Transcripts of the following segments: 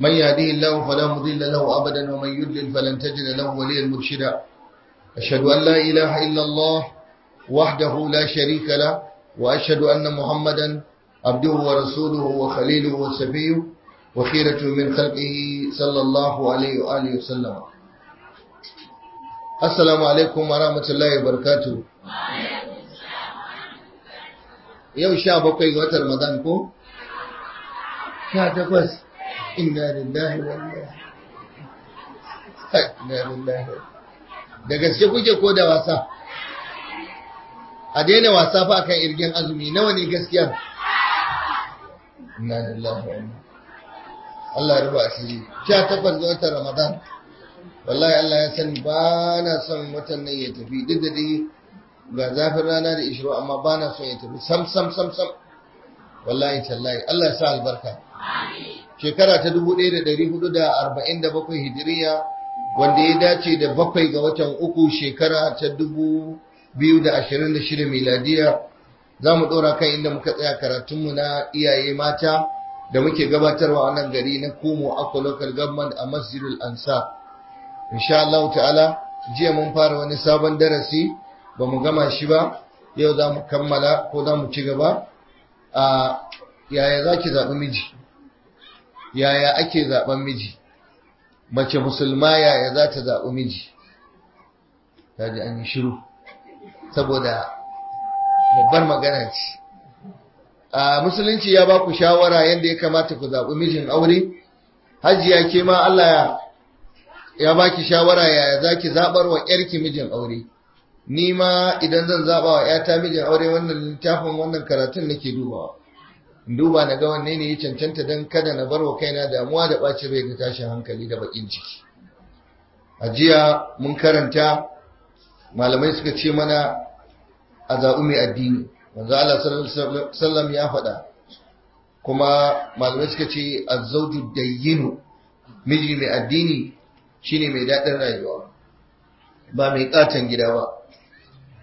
من يهديه الله فلا مضل له أبدا ومن يضلل فلن تجد له وليا مرشدا أشهد أن لا إله إلا الله وحده لا شريك له وأشهد أن محمدا عبده ورسوله وخليله وسفيه وخيرة من خلقه صلى الله عليه وآله وسلم السلام عليكم ورحمة الله وبركاته yau sha bakwai ga watan Ramadan ko? Sha takwas inna lillahi wa inna lillahi da gaske kuke ko da wasa a daina wasa fa akan irgin azumi nawa ne gaskiya inna lillahi wa inna Allah ruba asiri sha watan Ramadan wallahi Allah ya sani ba na son watan nan ya tafi duk da dai ga zafin rana da ishiro amma ba na son ya tafi sam sam sam sam wallahi tallahi Allah ya sa albarka amin shekara ta 1447 hijiriya wanda ya dace da bakwai ga watan uku shekara ta 2026 miladiya za mu ɗora kan inda muka tsaya karatunmu na iyaye mata da muke gabatarwa a nan gari na komo akwa local government a masjidul ansa insha Allah ta'ala jiya mun fara wani sabon darasi ba mu gama shi ba yau za mu kammala ko za mu ci gaba a yaya za ki zaɓi miji yaya ake zaben miji mace musulma yaya za ta zaɓi miji ta ji an yi shiru saboda babbar magana ce a musulunci ya ba ku shawara yadda ya kamata ku zaɓi mijin aure hajiya ke ma Allah ya ba ki shawara yaya za ki zaɓar wa ‘yarki mijin aure ni ma idan zan zaɓa wa ‘yata mijin aure wannan littafin wannan karatun nake dubawa in duba na ga wanne ne ya cancanta don kada na bar wa kaina damuwa da ɓacin rai da tashin hankali da baƙin ciki a jiya mun karanta malamai suka ce mana a zaɓi mai addini wanzu Allah sallam ya faɗa kuma malamai suka ce a da yinu miji mai addini shine mai daɗin rayuwa ba mai ƙaton gida ba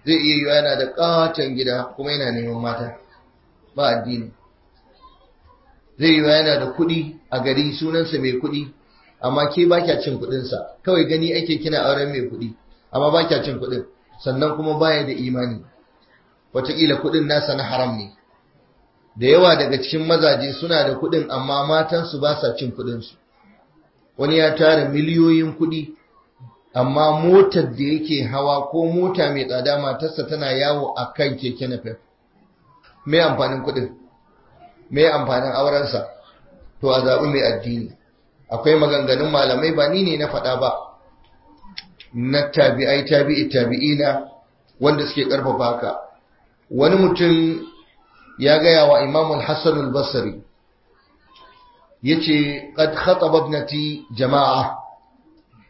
zai iya yiwa yana da ƙaton gida kuma yana neman mata ba addini zai yiwa yana da kuɗi a gari sunansa mai kuɗi amma ke ba kya cin kuɗinsa kawai gani ake kina auren mai kuɗi amma ba kya cin kuɗin sannan kuma baya da imani wataƙila kuɗin nasa na haram ne da yawa daga cikin mazaje suna da kuɗin amma matansu ba sa cin kuɗinsu wani ya tara miliyoyin kuɗi amma motar da yake hawa ko mota mai tsada matarsa tana yawo a kan keke na fef mai amfanin kuɗin mai amfanin aurensa to a zaɓi mai addini akwai maganganun malamai ba ni ne na faɗa ba na tabi'ai tabi'i tabi'ina wanda suke ƙarfafa ka. wani mutum ya gaya wa imamun hassan al ya ce ƙad khataba jama'a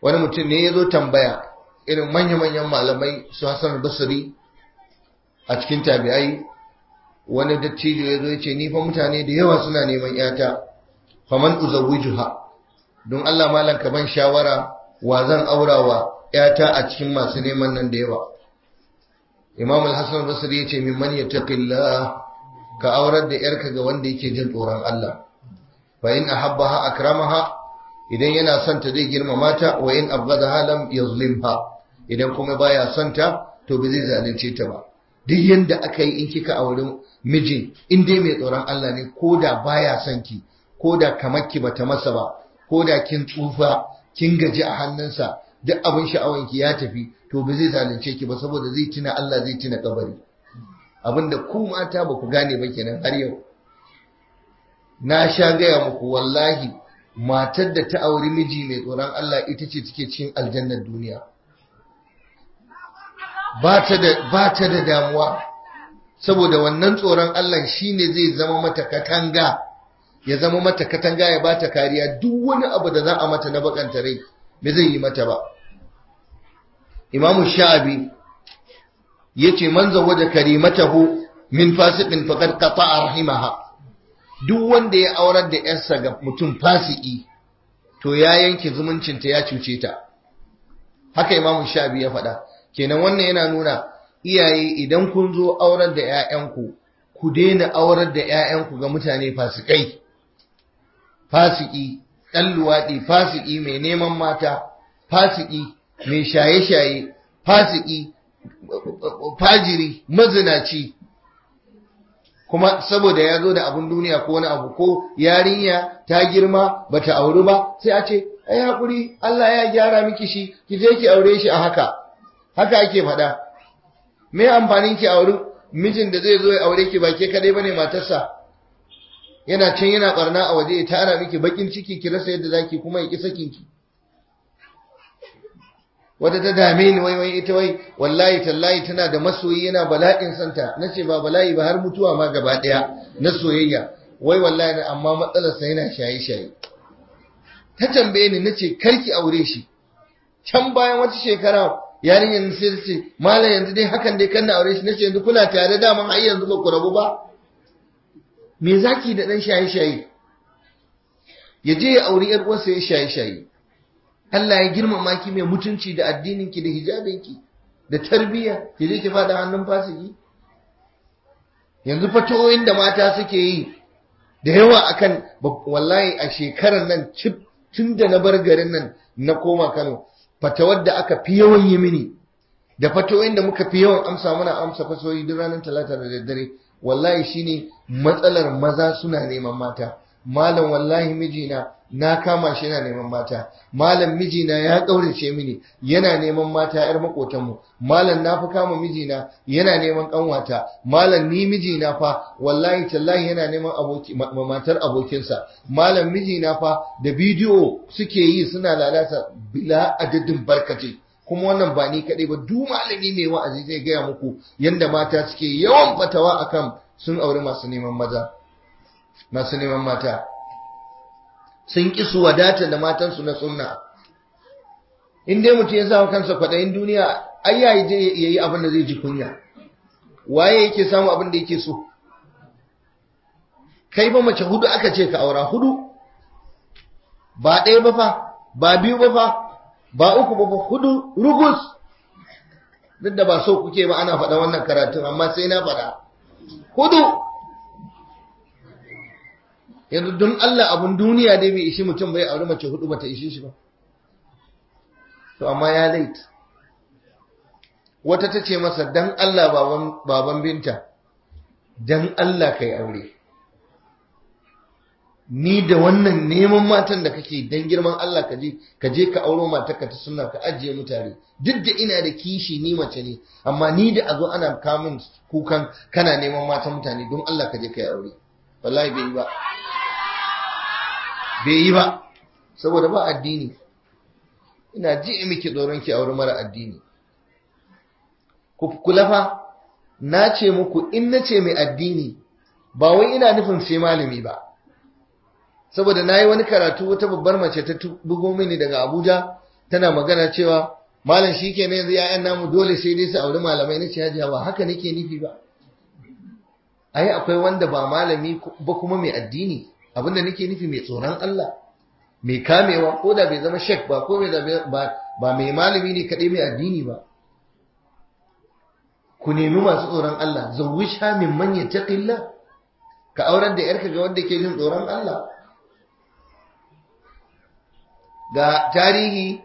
wani mutum ne ya zo tambaya irin manya-manyan malamai su hassan al a cikin tabi'ai wani dattijo ya zo ya ce ni fa mutane da yawa suna neman yata faman uzawwijuha don Allah malam ka ban shawara wa zan aurawa yata a cikin masu neman nan da yawa Imam al-Hasan basri ya ce mimman yattaqillah ka aurar da yarka ga wanda yake jin tsoron Allah fa in ahabbaha akramaha idan yana son ta zai girmama ta wa in abghadaha lam yuzlimha idan kuma baya son ta to ba zai zalunce ta ba duk yadda aka yi in kika a wurin mijin in dai mai tsoron Allah ne ko da baya son ki ko da kamar ki bata masa ba ko da kin tsufa kin gaji a hannunsa duk abin sha'awan ki ya tafi to ba zai zalunce ki ba saboda zai tuna Allah zai tuna kabari abinda ku mata ba ku gane ba kenan har yau na sha gaya muku wallahi matar da ta auri miji mai tsoron Allah ita ce take cikin aljannar duniya ba ta da damuwa saboda wannan tsoron Allah shi ne zai zama mata katanga ya zama mata katanga ya ba ta kariya duk wani abu da za a mata na bakanta rai me zai yi mata ba Imam Sha'abi ce man zawaja karimatahu min fasiqin faqad qata'a rahimaha duk wanda ya aurar da yarsa ga mutum fasiki to ya yanke zumuncinta ya cuce ta haka Imam Sha'abi ya faɗa kenan wannan yana nuna iyaye idan kun zo auren da 'ya'yanku ku daina auren da 'ya'yanku ga mutane fasikai fasiki ɗan luwaɗi fasiki mai neman mata fasiki mai shaye-shaye fasiki fajiri mazinaci kuma saboda ya zo da abin duniya ko wani abu ko yarinya ta girma bata auri ba sai a ce ai hakuri Allah ya gyara miki shi ki je ki aure shi a haka haka ake faɗa me amfanin ki auri mijin da zai zo ya aure ki ba ke kadai bane matarsa yana can yana barna a waje ta ana miki bakin ciki ki rasa yadda zaki kuma ya ki sakin ki wata ta dame ni wai wai ita wai wallahi tallahi tana da masoyi yana bala'in santa nace ba bala'i ba har mutuwa ma gaba daya na soyayya wai wallahi amma matsalar sa yana shaye shaye ta tambaye ni nace karki aure shi can bayan wata shekara yarin yanzu sai ce malam yanzu dai hakan dai kan na aure shi nace yanzu kuna tare da mun ai yanzu ba ku rabu ba me zaki da dan shaye shaye ya je ya auri yar uwarsa ya shaye shaye Allah ya girmama ki mai mutunci da addinin ki da hijabin ki da tarbiyya ki je ki fada hannun fasiki yanzu fatoyin da mata suke yi da yawa akan wallahi a shekarar nan cip tun da na bar garin nan na koma Kano fatawar da aka fi yawan yi mini da fatoyin da muka fi yawan amsa muna amsa fasoyi duk ranar talata da daddare wallahi shine matsalar maza suna neman mata malam wallahi mijina na kama shi yana neman mata malam mijina ya kaurace mini yana neman mata yar makotanmu malam na fi kama mijina yana neman ƙanwata. malam ni mijina fa wallahi tallahi yana neman matar abokinsa malam mijina fa da bidiyo suke yi suna lalata bila adadin barkaci kuma wannan ba ni kaɗai ba duk malami mai wa'azi zai gaya muku yadda mata suke yawan fatawa akan sun auri masu neman maza masu neman mata sun ƙi su wadata da matansu na sunna in dai mutum ya samu kansa kwaɗayin duniya ai yayi je ya yi abin da zai ji kunya waye yake samu abin da yake so kai ba mace hudu aka ce ka aura hudu ba ɗaya ba fa ba biyu ba fa ba uku ba fa hudu rugus duk da ba so kuke ba ana faɗa wannan karatun amma sai na faɗa hudu yanzu don Allah abin duniya dai bai ishi mutum bai auri mace hudu bata ishe shi ba to amma ya lait wata ta ce masa dan Allah baban binta dan Allah kai aure ni da wannan neman matan da kake dan girman Allah ka je ka je ka auro ta sunna ka ajiye mutane duk da ina da kishi ni mace ne amma ni da azo ana kamin kukan kana neman matan mutane don Allah ka je ka yi aure wallahi bai yi ba bai yi ba saboda ba addini ina ji miki tsoron ki aure mara addini ku kula na ce muku in na ce mai addini ba wai ina nufin sai malami ba saboda na yi wani karatu wata babbar mace ta bugo mini daga abuja tana magana cewa malam shi ke yanzu ya'yan namu dole sai dai su auri malamai na ciyajiya ba haka nake nufi ba Ayi akwai wanda ba malami ba kuma mai addini abinda nake nufi mai tsoron Allah mai kamewa ko da bai zama shek ba ko ba mai malami ne kaɗai mai addini ba ku nemi masu tsoron Allah zawwisha min manyan taƙilla, ka aurar da yarka ga wanda ke jin tsoron Allah ga tarihi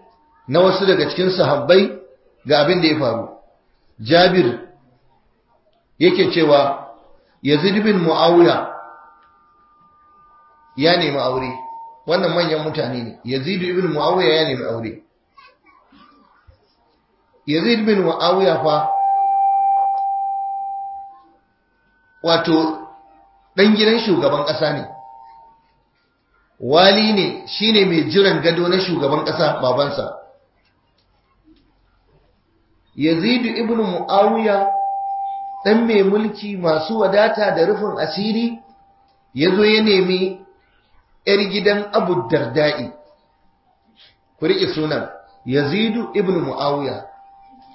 na wasu daga cikin sahabbai ga abin da ya faru Jabir yake cewa Yazid bin Muawiya ya nemi aure wannan manyan mutane ne yazid ibn muawiya ya nemi aure yazid ibn muawiya fa wato dan gidan shugaban kasa ne wali ne shine mai jiran gado na shugaban kasa babansa yazid ibn muawiya dan mai mulki masu wadata da rufin asiri yazo ya nemi 'yar gidan abu darda'i ku riƙe sunan yazidu ibn mu'awiya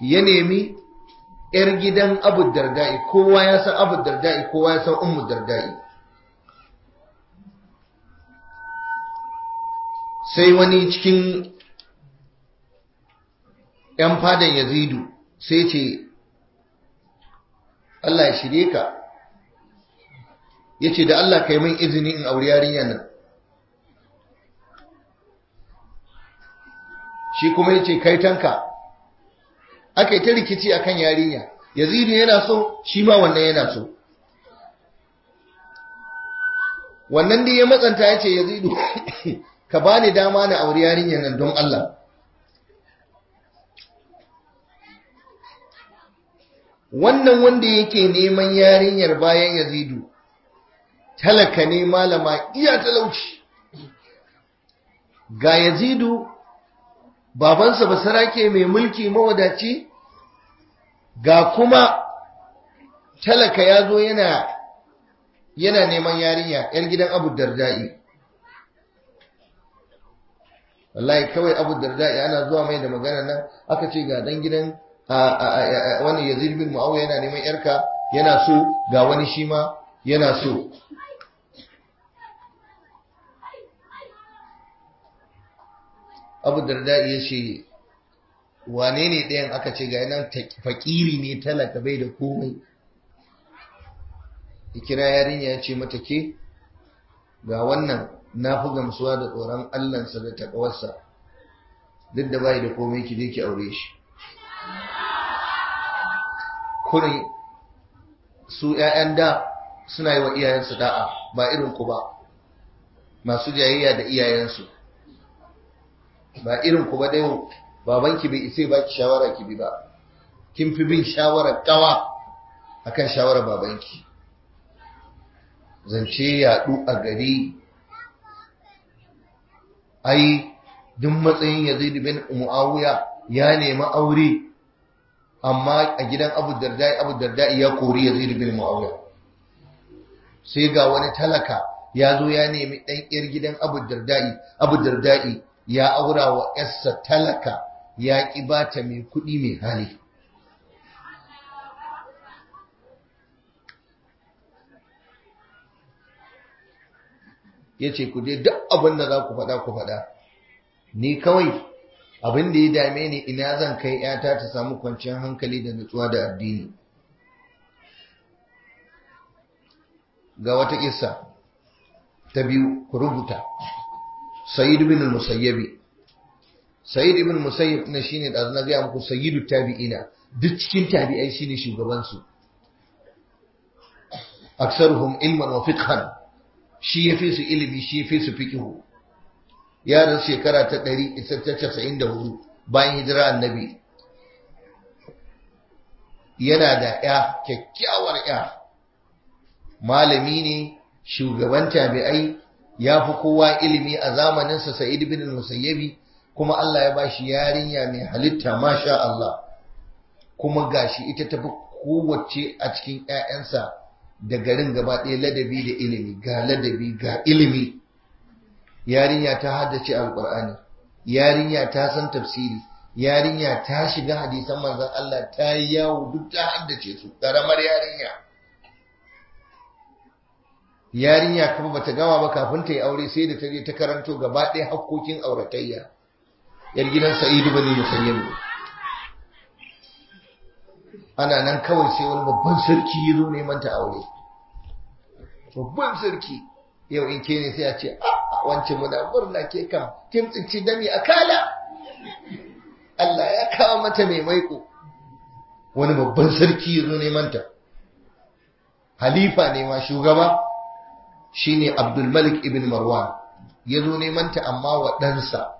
ya nemi 'yar gidan abu darda'i kowa ya san abu darda'i kowa ya san ummu darda'i sai wani cikin 'yan fadan yazidu sai ce Allah ya shirye ka ya ce da Allah ka yi min izini in auri yarinya nan shi kuma ya ce kai tanka aka yi ta rikici akan yarinya yazidu yana so shi ma wannan yana so wannan da ya matsanta ya ce yazidu ka ba ni dama na auri yarinya nan don Allah wannan wanda yake neman yarinyar bayan yazidu talaka ne malama iya talauci ga yazidu babansa ba sarake mai mulki mawadaci ga kuma talaka ya zo yana yana neman yarinya yar gidan abu dardai wallahi kawai abu dardai ana zuwa mai da magana nan aka ce ga dan gidan wani yazid bin mu'awu yana neman yarka yana so ga wani shi ma yana so abu darda ya ce wane ne ɗayan aka ce ga nan fakiri ne talaka bai da komai Ikira yarinya ya ce mata ke ga wannan na fi gamsuwa da tsoron allansa da taƙawarsa duk da bai da komai ki je ki aure shi kurin su ‘ya'yan da suna yi wa iyayensu da'a ba irin ku ba masu jayayya da iyayensu ba irin ku ba dai babanki bai isa baki shawara ki bi ba kin fi bin shawara kawa akan shawara babanki zance yaɗu a gari ai duk matsayin yazid bin muawiya ya nemi aure amma a gidan abu dardai abu Darda ya kori yazid bin muawiya sai ga wani talaka ya zo ya nemi ɗan ƴar gidan abu dardai abu dardai ya aura wa ‘yarsa talaka ya ƙi ba ta mai kuɗi mai hali. Ya ce, ku dai duk abin da za ku faɗa ku faɗa, ni kawai abin da ya dame ni ina zan kai ‘yata ta samu kwanciyar hankali da nutsuwa da addini. Ga wata ƙisa ta biyu, ku rubuta. Sa'id ibn al-Musayyib bin ibn al-Musayyib ne shine da na ga muku sayyidu tabi'ina duk cikin tabi'ai shine shugaban su aksaruhum ilman wa fiqhan shi yafi su ilimi shi yafi su fiqhu yaran shekara ta 194 bayan hijira annabi yana da ya kyakkyawar ya malami ne shugaban tabi'ai ya fi kowa ilimi a zamaninsa sa'id bin al-musayyabi kuma Allah ya ba shi yarinya mai halitta masha Allah kuma gashi ita tafi kowace a cikin 'ya'yansa da garin gaba ɗaya ladabi da ilimi ga ladabi ga ilimi yarinya ta haddace alqur'ani yarinya ta san tafsiri yarinya ta shiga hadisan manzon Allah ta yawo duk ta haddace su ƙaramar yarinya yarinya kuma bata gama ba kafin ta yi aure sai da ta je ta karanto gaba ɗaya hakkokin auratayya yar gidan sa'idu bane mu ana nan kawai sai wani babban sarki ya zo neman ta aure babban sarki yau in ke ne sai a ce ah, ah, wancan muna murna ke kan kin tsinci dami a kala Allah ya kawo mata mai maiko wani babban sarki ya zo neman ta halifa ne ma shugaba shine Abdul Malik ibn Marwa, ya zo neman ta amma wa ɗansa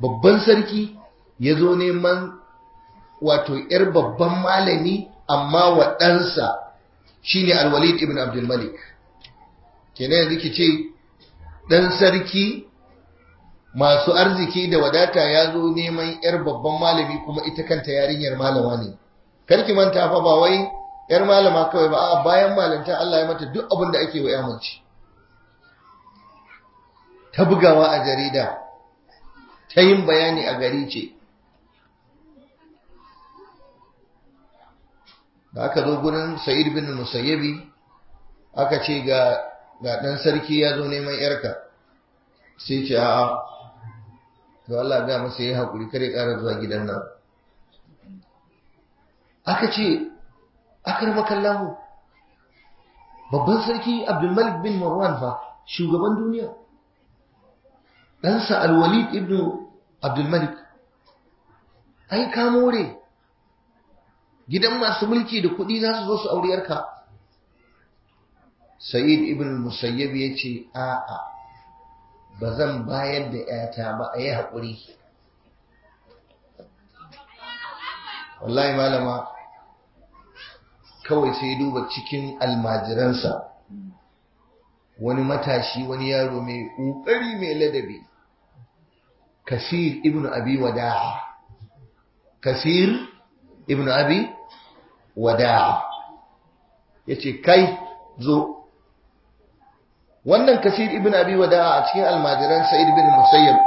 babban sarki ya zo neman wato ‘yar babban malami amma wa ɗansa shine al ibn Abdul Malik kenan yanzu ki ce ɗan sarki masu arziki da wadata ya zo neman ‘yar babban malami kuma ita kanta yarinyar malama ne karki manta fa ba wai yar malama kawai ba a bayan malanta Allah ya mata duk abin da ake wa ya ta bugawa a jarida ta yin bayani a gari ce da aka zo gurin sa'id bin musayyabi aka ce ga ga dan sarki ya zo neman yarka sai ce a'a to Allah ga masa yayi hakuri kare ƙara zuwa gidan nan aka ce akarmakallahu babban sarki abdulmalik bin marwan fa shugaban duniya ɗansa alwalid ibn abdulmalik ai ka more gidan masu mulki da kuɗi za su zo su auri yarka sa'id ibn musayyab ya ce a'a ba bayar da ‘yata ba a yi haƙuri wallahi malama kawai sai ya duba cikin almajiransa wani matashi wani yaro mai ƙoƙari mai ladabi kasir ibn abi wada'a kasir ibn abi wada'a ce kai zo wannan kasir ibn abi wada'a a cikin almajiran sa'id bin musayyab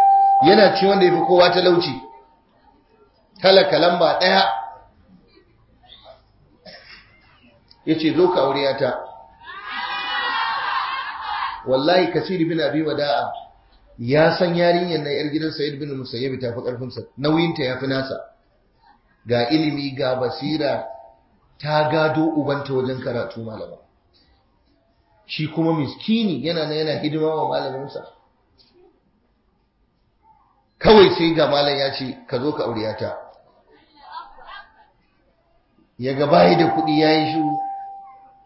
yana ci wanda ya fi kowa talauci talaka lamba ɗaya. Ya ce, zo ka aure ta wallahi kasiri bin abi da'a. ya san yarinyar na yar gidan sayid bin musayyib ta fi karfinsa Nauyinta ya fi nasa ga ilimi ga basira ta gado ubanta wajen karatu malama shi kuma miskini yana na yana hidima wa malaminsa kawai sai ga malam ya ce ka zo ka aure ta ya ga da kuɗi ya yi shiru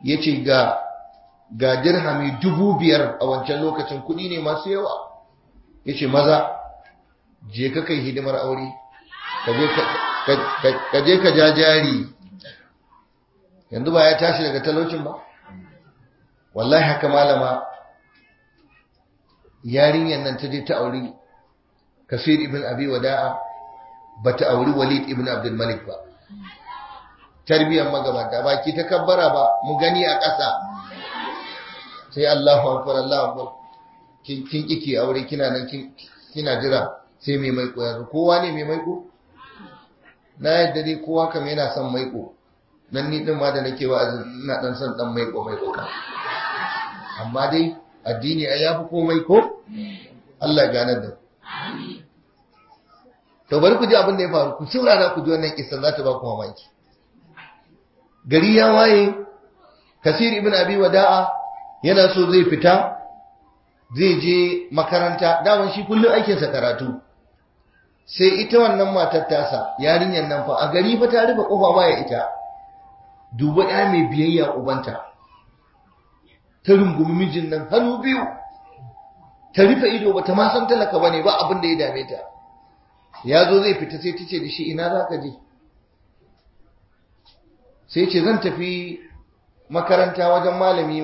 ya ce ga ga dirhami dubu biyar a wancan lokacin kuɗi ne masu yawa ya ce maza je ka kai hidimar aure ka je ka ja jari yanzu ba ya tashi daga talaucin ba wallahi haka malama yarinyar nan ta je ta aure kasir ibn abi wada'a ba ta auri walid ibn Abdulmalik ba tarbiyyar magabata ba ki ta kabbara ba mu gani a ƙasa sai Allahu akbar Allahu akbar kin kin kike aure kina nan kin kina jira sai mai maiko yanzu kowa ne mai maiko na yadda dai kowa kam yana son maiko nan ni din ma da nake wa ina dan son dan maiko maiko ka amma dai addini ai yafi komai ko Allah ya ganar da to bari ku ji abin da ya faru ku saurara ku ji wannan kissa za ta ba ku mamaki gari ya waye kasir ibn abi wada'a yana so zai fita zai je makaranta daman shi kullum sa karatu sai ita wannan matar tasa yarinyar nan fa a gari fa ta rufe kofa baya ita duba ya mai biyayya ubanta ta rungumi mijin nan hannu biyu ta rufe ido ba ta ma san talaka bane ba abin da ya dame ta ya zo zai fita sai ta ce da shi ina za ka je sai ce zan tafi makaranta wajen malami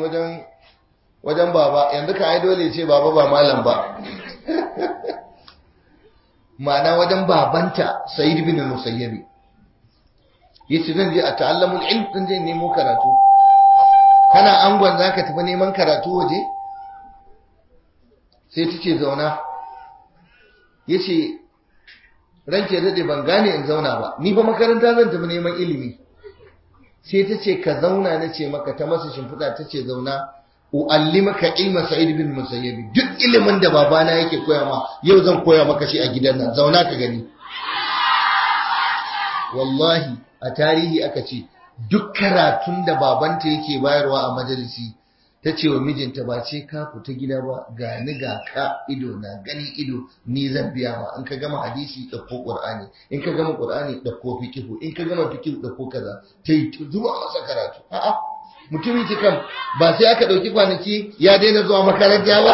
wajen baba yanzu ka yi dole ce baba ba malam ba ma'ana wajen babanta sa'id bin musayyabi ce zan je a ta'allamun ilm ɗin je nemo karatu kana angon ka tafi neman karatu waje sai ta ce zauna ce ranke dade ban gane in zauna ba ni fa makaranta zan tafi neman ilimi sai ta ce ka zauna na ce maka ta masa shimfiɗa ta ce zauna U'alli maka ilma sa'id bin musayyabi duk ilimin da babana yake koya ma yau zan koya maka shi a gidan nan zauna ka gani wallahi a tarihi aka ce duk karatun da babanta yake bayarwa a majalisi ta ce wa mijinta ba ce ka fita gida ba ga ni ga ka ido na gani ido ni zan biya ma in ka gama hadisi ko ƙur'ani in ka gama ƙur'ani ɗauko fikihu in ka gama fikihu ko kaza ta yi zuwa masa karatu a'a mutumin ki kan ba sai aka ɗauki kwanaki ya daina zuwa makaranta ba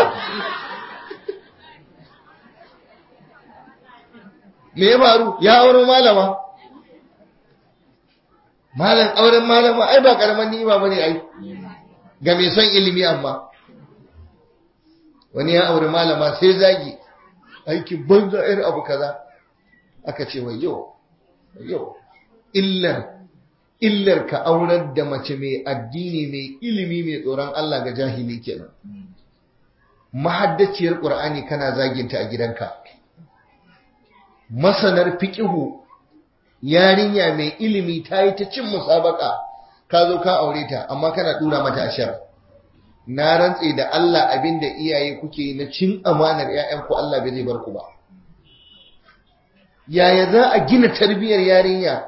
me ya faru ya auri malama malam auren malama ai ba karaman ba bane ai ga mai son ilimi amma wani ya auri malama sai zagi Aiki banza iri abu kaza aka ce wai yau yau illar illar ka aurar da mace mai addini mai ilimi mai tsoron Allah ga jahili kenan mahaddaciyar ƙur'ani kana zaginta a gidanka masanar fiƙihu. yarinya mai ilimi ta yi ta cin musabaka ka zo ka aure ta amma kana dura mata ashar na rantse da Allah abinda iyaye kuke yi na cin amanar ku Allah bai zai bar ku ba yaya za a gina tarbiyyar yarinya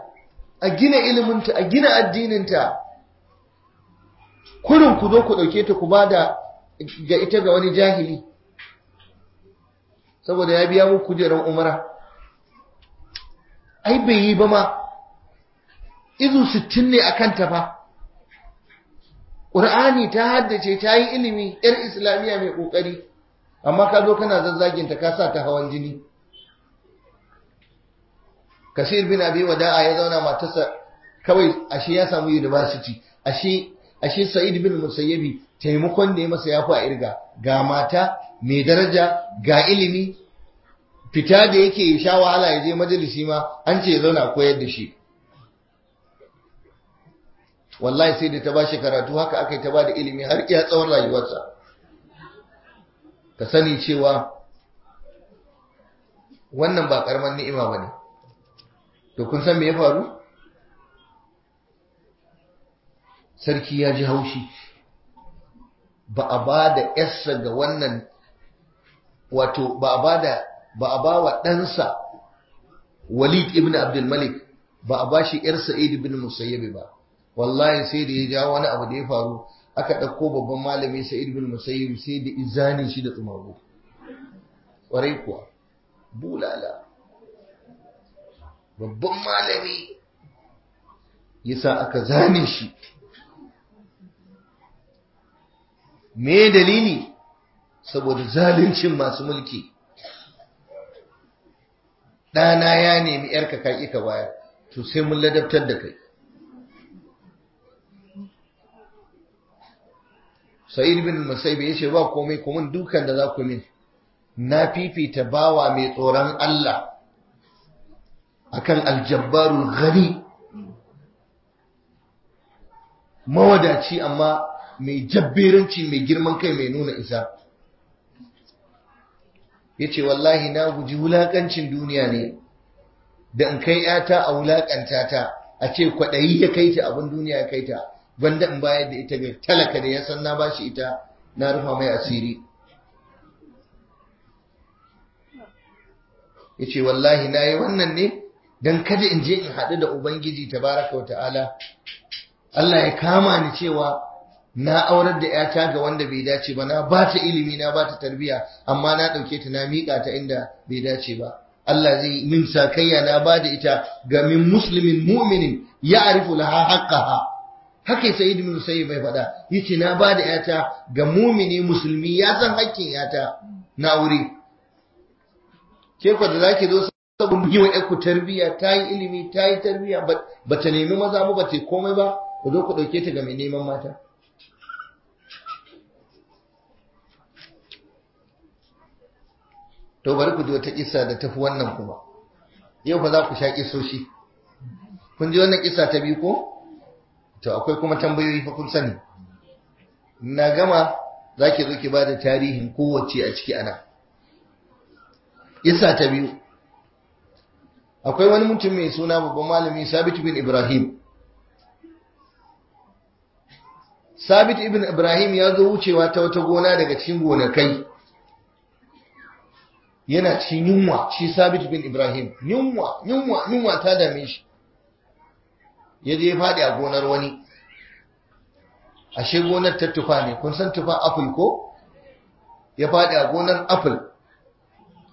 a gina ilminta, a gina addininta kurin ku zo ku dauke ta ku bada ga ita ga wani jahili saboda ya biya muku kujerar umara ai bai yi ba ma izu sittin ne a kanta fa ƙur'ani ta haddace ta yi ilimi ‘yar islamiyya mai ƙoƙari amma ka zo kana zazzaginta ka sa ta hawan jini kasir bin abi wada'a ya zauna matarsa kawai ashe ya samu university ashe ashe sa'id bin musayyabi taimakon da ya masa yafi a irga ga mata mai daraja ga ilimi fita da yake sha wahala ya je majalisi ma an ce ya zauna koyar da shi wallahi sai da ta ba shi karatu haka aka yi ta ba da ilimi har iya tsawon rayuwarsa ka sani cewa wannan ba karamar ni'ima ba ne to kun san me ya faru sarki ya ji haushi ba a ba da yarsa ga wannan wato ba a ba da ba a ba wa ɗansa walid ibn abdulmalik ba a ba shi yarsa idi bin musayyabi ba wallahi sai da ya ja wani abu da ya faru aka ɗauko babban malami sa'id bin musayyib sai da izani shi da tsumaru ƙwarai kuwa bulala babban malami yasa aka zane shi me dalili saboda zaluncin masu mulki ɗana ya nemi ‘yarka ka ka bayar. to sai mun ladabtar da kai sa'id bin ya yace ba komai kuma dukkan dukan da za ku min na fifita bawa mai tsoron Allah akan aljabbarul ghani mawadaci amma mai jabberanci mai girman kai mai nuna isa yace wallahi na guji wulakancin duniya ne da in kai yata a wulakanta ta a ce kwaɗayi ya kai ta abin duniya ya kai ta banda in bayar da ita mai talaka da ya san na bashi ita na rufa mai asiri ce wallahi na yi wannan ne Don kada in je in haɗu da ubangiji tabaraka wa ta'ala Allah ya kama ni cewa na aurar da ‘yata ga wanda bai dace ba, na ba ta ilimi, na ba ta tarbiya, amma na ɗauke ta na miƙa ta inda bai dace ba. Allah zai min sakayya na ba da ita ga min musulmin muminin ya arifu laha ha. haka sai idin musayi bai faɗa yace na ba da yata ga mumini musulmi ya san hakkin yata na wuri ke ku da zaki zo sabon yi wa ku tarbiya ta yi ilimi ta yi tarbiya ba ta nemi maza mu ba ta komai ba ku zo ku dauke ta ga mai neman mata to bari ku ji wata kisa da tafi wannan kuma yau fa za ku sha kisoshi kun ji wannan kisa ta biyu ko to akwai kuma tambayoyi fa kun sani na gama zaki zo ki bada tarihin kowace a ciki ana isa ta biyu akwai wani mutum mai suna babban malami Sabit bin Ibrahim Sabit ibn Ibrahim ya zo wucewa ta wata gona daga cikin gonakai yana cikin yunwa shi Sabit bin Ibrahim yunwa yunwa yunwa ta dame shi ya je faɗi a gonar wani ashe gonar ta tufa ne kun san tufa apple ko ya faɗi a gonar apple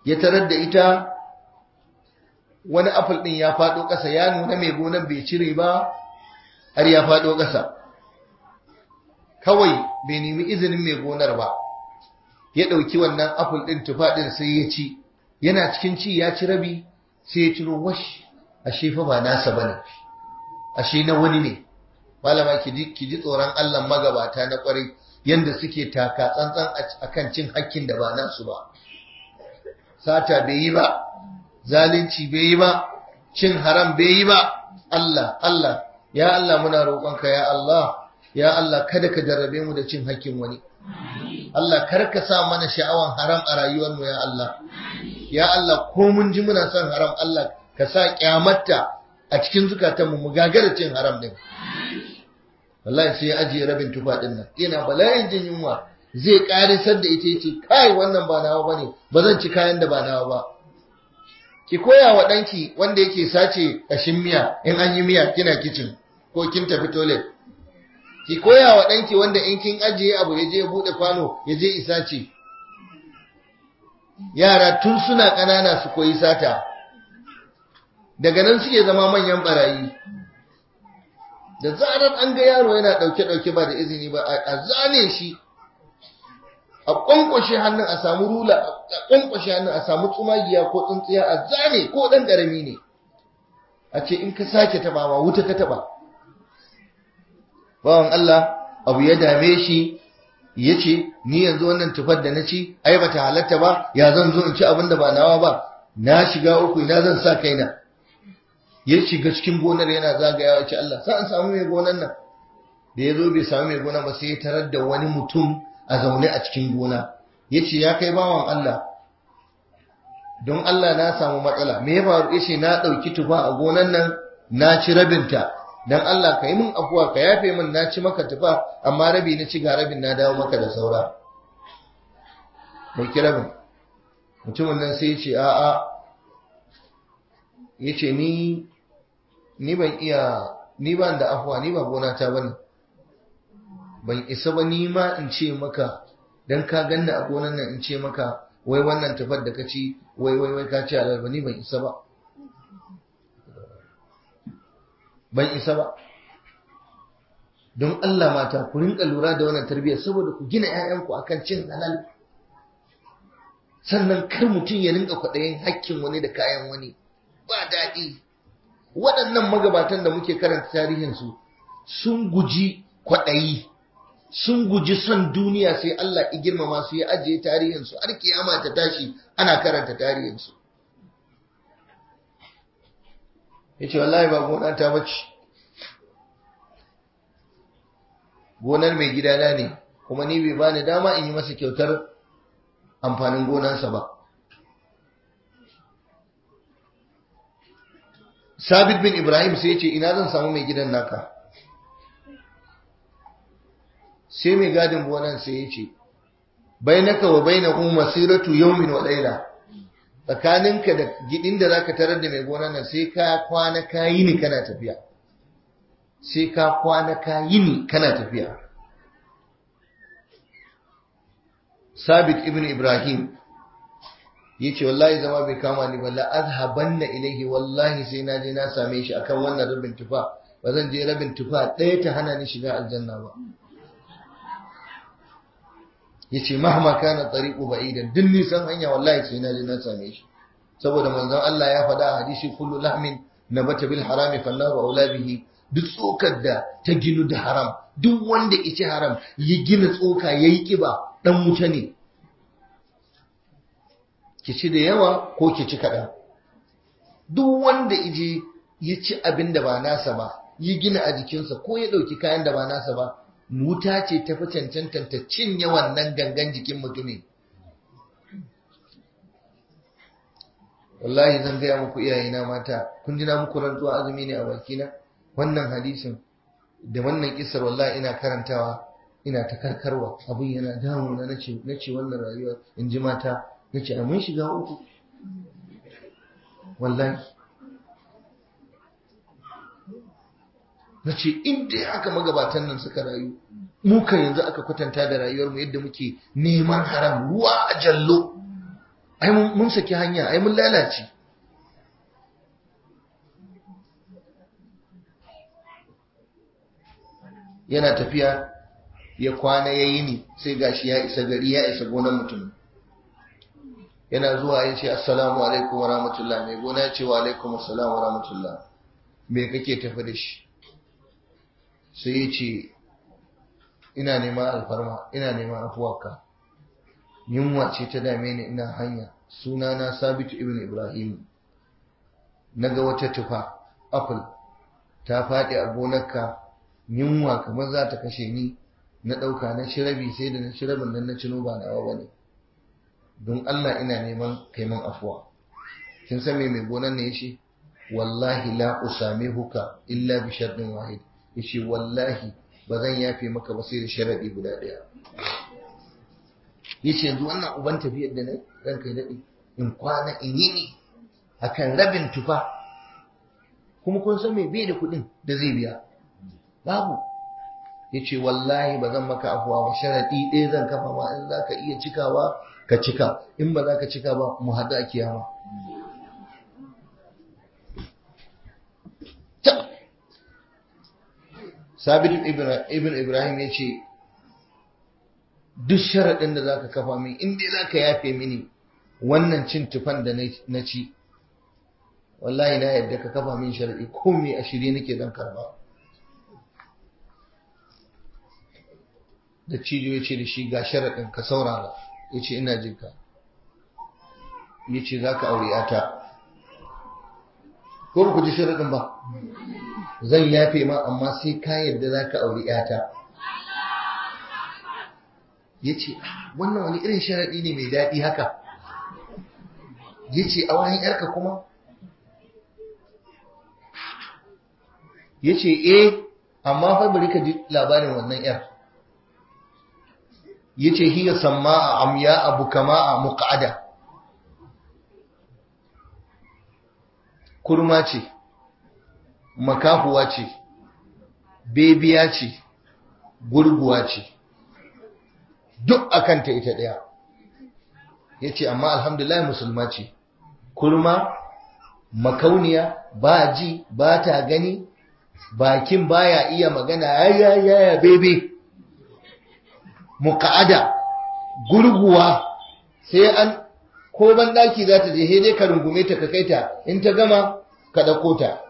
ya tarar da ita wani apple ɗin ya faɗo ƙasa ya nuna mai gonar bai cire ba har ya faɗo ƙasa kawai bai nemi izinin mai gonar ba ya ɗauki wannan apple ɗin tufa ɗin sai ya ci yana cikin ci ya ci rabi sai ya ciro washi, ashe fa ba nasa ba ne. ashe na wani ne malama ki ji tsoron Allah magabata na kwarai yanda suke taka tsantsan kan cin hakkin da ba nasu ba sata bai yi ba zalunci bai yi ba cin haram bai yi ba Allah Allah ya Allah muna roƙonka ya Allah ya Allah kada ka jarrabe mu da cin hakkin wani Allah kar ka sa mana sha'awan haram a rayuwarmu ya Allah ya Allah ko mun ji muna son haram Allah ka sa kyamatta a cikin zukatan mu gagara cin haram din wallahi sai ya ajiye rabin tufa din nan yana bala'in jin yunwa zai karisar da ita yace kai wannan ba nawa bane ba zan ci kayan da ba nawa ba ki koya wa danki wanda yake sace kashin miya in an yi miya kina kitchen ko kin tafi toilet ki koya wa danki wanda in kin ajiye abu ya je buɗe bude kwano ya je isa ce yara tun suna ƙanana su koyi sata daga nan suke zama manyan barayi da zarar an ga yaro yana ɗauke-ɗauke ba da izini ba a zane shi a ƙwanƙwashe hannun a samu rula a ƙwanƙwashe hannun a samu tsumagiya ko tsuntsiya a zane ko ɗan ƙarami ne a ce in ka sake tabawa wuta ka taba bawan Allah abu ya dame shi ya ce ni yanzu wannan tufar da na ci ai bata halatta ba ya zan zo in ci abin da ba nawa ba na shiga uku ina zan sa kaina ya shiga cikin gonar yana zagayawa ya ce Allah sai an samu mai gonar nan da ya zo bai samu mai gona ba sai ya tarar da wani mutum a zaune a cikin gona ya ce ya kai bawan Allah don Allah na samu matsala me ya faru ya ce na ɗauki tufa a gonar nan na ci rabinta don Allah ka yi min abuwa ka yafe min na ci maka tufa amma rabi na ci ga rabin na dawo maka da saura ɗauki rabin mutumin nan sai ya a'a ya ce ni ni ban iya ni ban da afuwa ni ba gona ta bane ban isa ba ni ma in ce maka dan ka ganna a gonan nan in ce maka wai wannan tafar da ka ci wai wai wai ka ci alal ba ni ban isa ba ban isa ba don Allah mata ku rinka lura da wannan tarbiyyar saboda ku gina ƴaƴanku akan cin halal sannan kar mutum ya rinka kwaɗayin hakkin wani da kayan wani ba daɗi waɗannan magabatan da muke karanta tarihinsu sun guji kwaɗayi sun guji son duniya sai Allah ya girmama su ya ajiye tarihinsu har kiyama ta tashi ana karanta tarihinsu ya ce wallahi ba gona ta bace gonar mai gidana ne kuma ni bai bani dama in yi masa kyautar amfanin gonansa ba sabit bin ibrahim sai ce ina zan samu mai gidan naka sai mai gadin gonan sai ya ce bainaka wa kuma masiratu yau min waɗaila, tsakaninka da gidin da ka tarar da mai gonan nan sai ka kwana kayi ni kana tafiya sai ka kwana kayi ni kana tafiya sabit ibn ibrahim yace wallahi zama bai kama ni ba la azhabanna ilaihi wallahi sai na je na same shi akan wannan rabin tufa ba zan je rabin tufa ɗaya ta hana ni shiga aljanna ba yace mahma kana tariqu ba'idan duk nisan hanya wallahi sai na je na same shi saboda manzon Allah ya faɗa a hadisi kullu lahmin nabata bil harami fallahu aula bihi duk tsokar da ta ginu da haram duk wanda ici haram ya gina tsoka yayi kiba dan wuta ne ki ci da yawa ko ki ci kaɗan duk wanda iji ya ci abin da ba nasa ba yi gina a jikinsa ko ya ɗauki kayan da ba nasa ba wuta ce ta fi cancantar ta cinye wannan gangan jikin mutumin wallahi zan gaya muku iyayena mata kun ji na muku rantsuwa azumi ne a bakina wannan hadisin da wannan kisar wallahi ina karantawa ina ta karkarwa abin yana damuna na ce wannan rayuwa in ji mata ya ce mun shiga uku wallahi na ce inda aka magabatan nan suka rayu muka yanzu aka kwatanta da rayuwar mu yadda muke neman haram ruwa a jallo ai mun saki hanya ai mun lalace yana tafiya ya kwana ya yi ne sai gashi ya isa gari ya isa gonar mutum yana zuwa ya ce assalamu alaikum wa rahmatullah mai gona ya ce wa alaikum salamu wa rahmatullah me kake tafi da shi sai ya ce ina neman alfarma ina neman afuwaka yunwa ce ta dame ni ina hanya suna na sabitu ibn ibrahim na ga wata tufa apple ta faɗi a gonarka yunwa kamar za ta kashe ni na ɗauka na shirabi sai da na shirabin nan na cinu ba nawa ba ne don Allah ina neman kaiman afuwa kin san me mai gonan ne shi? wallahi la huka illa bi shartin wahid yace wallahi ba zan yafe maka ba sai da sharadi guda daya yace yanzu wannan uban tafiyar da nayi zan kai dadi in kwana in yi ni akan rabin tufa kuma kun san me bai da kudin da zai biya babu yace wallahi bazan maka afuwa ba sharadi ɗaya zan kafa ma in zaka iya cikawa ka cika in ba za ka cika ba mu haɗu a kiyama sabirin ibn ibrahim ya ce duk sharaɗin da za ka kafa min in za ka yafe mini wannan cin tufan da na ci wallahi na yadda ka kafa min sharaɗi ko me ashirin nake zan karba da cijo ya ce da shi ga sharaɗin ka saurara ya ce ina jinka ya ce za ka aure ta. ko ku ji shirin ba zan yafe ma amma sai ka yadda za ka aure ta. ya ce wannan wani irin sharaɗi ne mai daɗi haka ya ce a wani yarka kuma ya ce eh amma fa bari ka ji labarin wannan yar yace hiya samma'a amya abu kama'a muqada kurma ce makahuwa ce bebiya ce gurguwa ce duk akanta ita daya yace amma alhamdulillah musulma ce kurma makauniya ba ji ba ta gani bakin baya iya magana ya ya ya bebe Muka'ada gurguwa sai an ko ban daki za ta je sai dai ka rungume ta ka kaita in ta gama ka dauko ta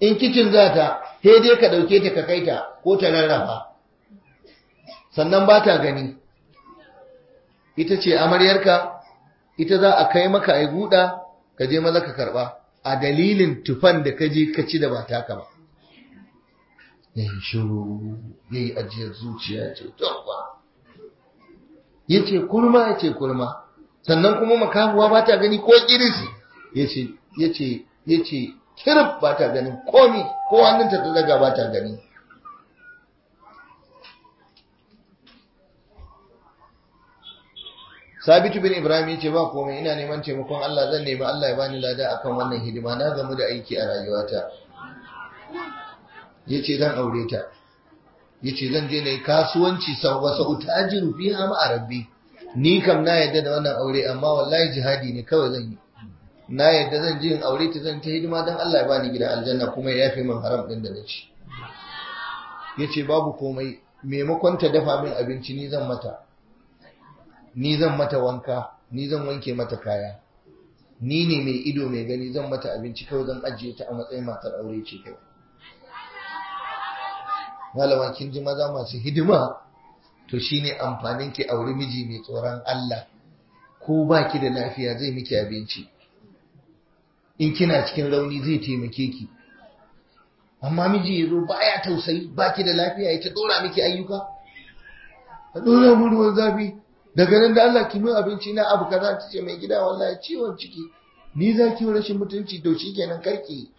in kicin za ta sai dai ka ɗauke ta ka kaita ko ta rarraba, sannan ba ta gani ita ce amaryarka ita za a kai maka ai guda ka je maza ka karba a dalilin tufan da ka je ka ci da ba taka ba ya yi shiru ya yi ajiyar zuciya ce ba ya ce kurma ya ce kurma sannan kuma makahuwa ba ta gani ko irisi ya ce ya ce kirif ba ta ganin komi ko hannunta ta daga ba ta gani sabitu bin ibrahim ya ce ba komai ina neman taimakon allah zan nemi allah ya bani lada akan wannan hidima na gamu da aiki a rayuwata ya ce zan aure ta ya ce zan je yi kasuwanci sau wasa utajiru fi hama a rabbi ni kam na yadda da wannan aure amma wallahi jihadi ne kawai zan yi na yadda zan ji in aure ta zan ta hidima don Allah ya bani gida aljanna kuma ya yafe min haram din da na ci ya ce babu komai maimakon ta dafa min abinci ni zan mata ni zan mata wanka ni zan wanke mata kaya ni ne mai ido mai gani zan mata abinci kawai zan ajiye ta a matsayin matar aure ce kawai malama kin ji maza masu hidima to shine amfanin ki auri miji mai tsoron Allah ko ba ki da lafiya zai miki abinci in kina cikin rauni zai taimake ki amma miji yazo baya tausayi ba ki da lafiya ya ta dora miki ayyuka ta dora mu ruwan zafi daga nan da Allah ki min abinci na abu kaza ta ce mai gida wallahi ciwon ciki ni za ki rashin mutunci to shikenan karki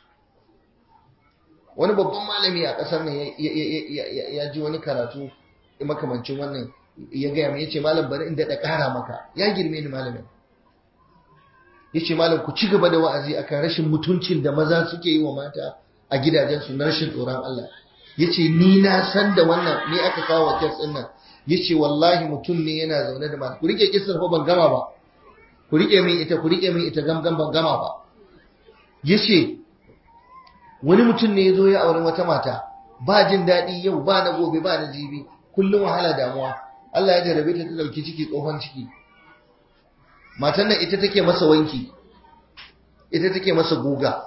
wani babban malami a kasar nan ya ji wani karatu makamancin wannan ya gaya mai ya ce malam bari in daɗa ƙara maka ya girme ni malamin ya ce malam ku ci gaba da wa'azi akan rashin mutuncin da maza suke yi wa mata a gidajensu na rashin tsoron Allah ya ce ni na san da wannan ni aka kawo wa kes ɗin nan ya ce wallahi mutum ne yana zaune da mata ku riƙe kisar fa ban gama ba ku riƙe min ita ku riƙe min ita gam ban gama ba ya ce wani mutum ne ya zo ya auri wata mata ba jin daɗi yau ba na gobe ba na jibi kullum wahala damuwa Allah ya jarabe ta ta dauki ciki tsohon ciki matan nan ita take masa wanki ita take masa guga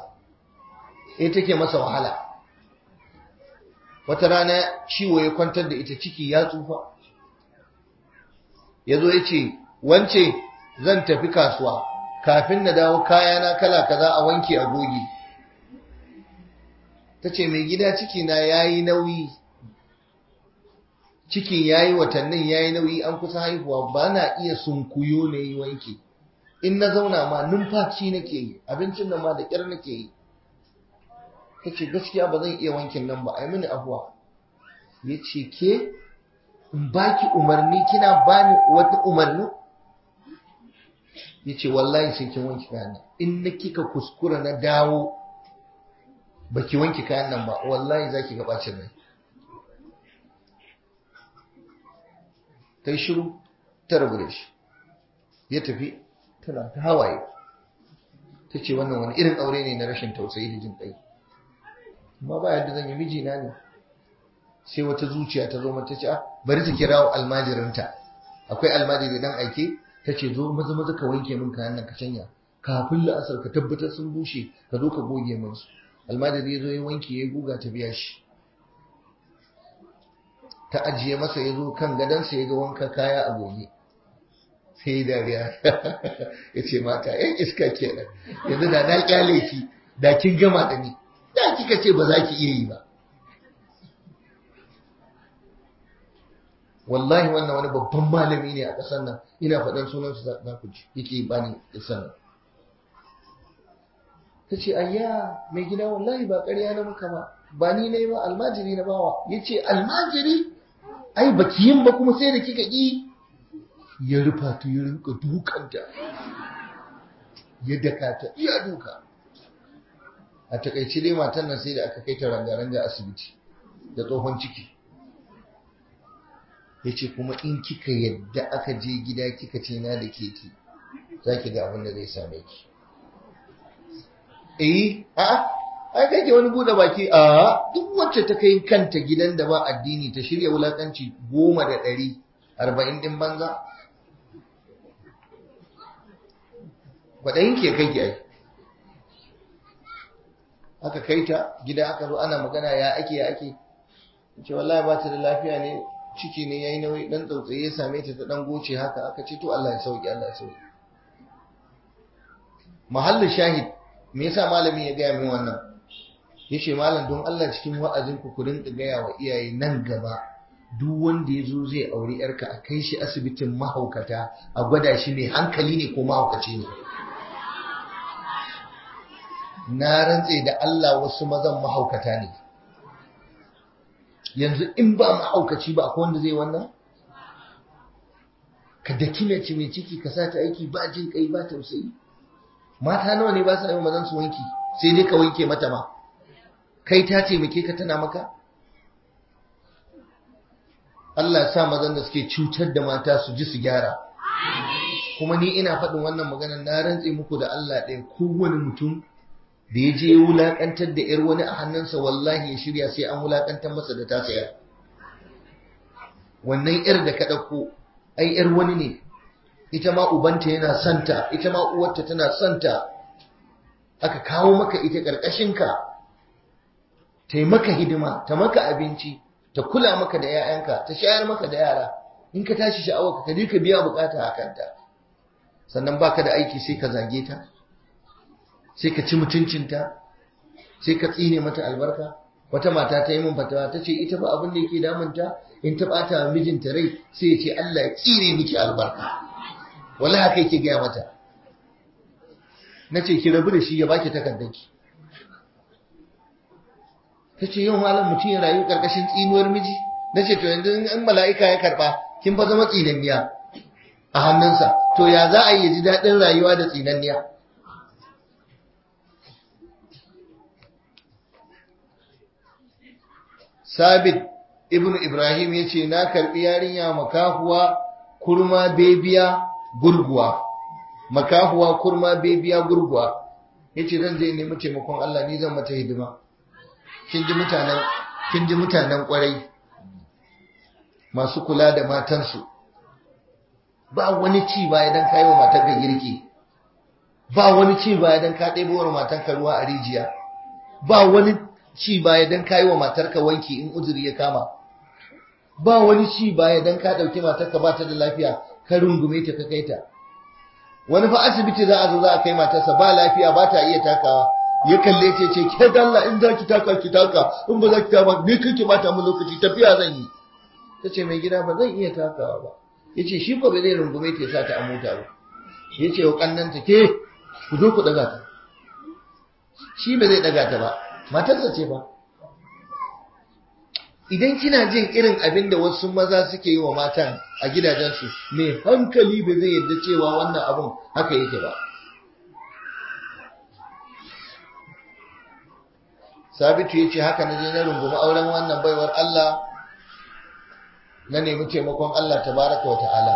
ita take masa wahala wata rana ciwo ya kwantar da ita ciki ya tsufa ya zo ya ce wance zan tafi kasuwa kafin na dawo kayana kala kaza a wanki a goge ta ce mai gida ciki na ya yi nauyi cikin ya yi watannin ya yi nauyi an kusa haihuwa ba na iya sunkuyo na yi wanki in na zauna ma numfashi nake yi abincin nan ma da ƙyar nake yi ta ce gaskiya ba zan iya wankin nan ba a yi mini abuwa ya ce ke in baki umarni kina bani wani umarni ya ce wallahi sai kin wanki kayan in na kika kuskura na dawo baki wanke kayan nan ba wallahi zaki ga bacin rai yi shiru ta rabu shi ya tafi tana ta hawaye ta ce wannan wani irin aure ne na rashin tausayi da jin kai amma ba yadda zan yi mijina ne sai wata zuciya ta zo mata ce ah, bari ta kirawo almajirinta akwai almajiri dan aike ta ce zo maza maza ka wanke min kayan nan ka canya kafin la'asar ka tabbatar sun bushe ka zo ka goge min su almajiri ya zo ya wanki ya guga ta biya shi ta ajiye masa ya zo kan gadansa ya ga wanka kaya a gobe sai dariya ya ce mata yan iska kenan yanzu da na kyale ki da kin gama da ni da kika ce ba za ki iya yi ba wallahi wannan wani babban malami ne a ƙasar nan ina faɗan sunansa za ku ji yake bani ƙasar nan ta ce ayya mai gida wallahi ba ƙarya na muka ba ba ni na yi ba almajiri na bawa ya ce almajiri ai ba ki yin ba kuma sai da kika ƙi ya rufa ta ya rinka dukanta ya daka ta iya duka a takaice dai matan nan sai da aka kai ta rangaranga asibiti da tsohon ciki ya ce kuma in kika yadda aka je gida kika ce na da keke za ki ga abin da zai same ki eh a ai kake wani bude baki a duk wacce ta kai kanta gidan da ba addini ta shirya wulakanci goma da ɗari arba'in ɗin banza kwaɗayin ke kai ai aka kai ta gida aka zo ana magana ya ake ya ake ce wallahi ba ta da lafiya ne ciki ne yayi nauyi dan tsautsaye ya same ta ta dan goce haka aka ce to Allah ya sauki Allah ya sauki mahallin shahid me yasa malamin ya gaya min wannan Ya ce malam don Allah cikin wa'azin ku ku rinka gaya wa iyaye nan gaba duk wanda ya zo zai auri yarka a kai shi asibitin mahaukata a gwada shi ne hankali ne ko mahaukaci ne na rantse da Allah wasu mazan mahaukata ne yanzu in ba mahaukaci ba akwai wanda zai wannan ka daki mace mai ciki ka sa ta aiki ba jin kai ba tausayi mata nawa ne ba sa yi mazan su wanki sai dai ka wanke mata ma kai ta ce muke ka tana maka Allah ya sa mazan da suke cutar da mata su ji su gyara kuma ni ina faɗin wannan maganar na rantse muku da Allah ɗaya kowane mutum da ya je wulaƙantar da ‘yar wani a hannunsa wallahi ya shirya sai an wulaƙantar masa da ta sayar wannan ‘yar da ka ɗauko ai ‘yar wani ne ita ma ubanta yana santa ita ma uwarta tana santa aka kawo maka ita ƙarƙashinka ta yi maka hidima ta maka abinci ta kula maka da 'ya'yanka ta shayar maka da yara in ka tashi sha'awar ka je ka biya bukata a kanta sannan baka da aiki sai ka zage ta sai ka ci mutuncinta sai ka tsine mata albarka wata mata ta yi min fatawa ta ce ita ba abin da yake damunta in ta bata mijinta rai sai ya ce Allah ya tsine miki albarka wala haka yake gaya mata nace ki rabu da shi ya baki Ta ce yau malam mutum ya rayu karkashin tsinuwar miji nace to yanzu in mala'ika ya karba kin fa zama tsinanniya a hannunsa to ya za a yi ji daɗin rayuwa da tsinanniya sabit ibn ibrahim ya ce na karɓi yarinya makahuwa kurma bebiya gurguwa makahuwa kurma bebiya gurguwa yace zan je nemi taimakon Allah ni zan mata hidima kin ji mutanen kin ji mutanen kwarai masu kula da matansu ba wani ci baya don kai wa matarka girki ba wani ci baya don ka ɗebo wa matarka ruwa a rijiya ba wani ci baya don kai wa matarka wanki in uzuri ya kama ba wani ci baya don ka dauki matarka ba ta da lafiya ka rungume ta ka kai ta wani fa asibiti za a zo za a kai matarsa ba lafiya ba ta iya takawa ya kalle ce ce ke dalla in za ki taka ki taka in ba za ki taka ni kike bata mu lokaci tafiya zan yi ta ce mai gida ba zan iya takawa ba ya ce shi ba zai rungume ta sa ta a mota ba ya ce wa ta ke ku zo ku daga ta shi ba zai daga ta ba matarsa ce ba idan kina jin irin abin da wasu maza suke yi wa matan a gidajensu mai hankali ba zai yarda cewa wannan abin haka yake ba sabitu ya ce haka na je na rungumi auren wannan baiwar Allah na nemi taimakon Allah tabaraka wa ta'ala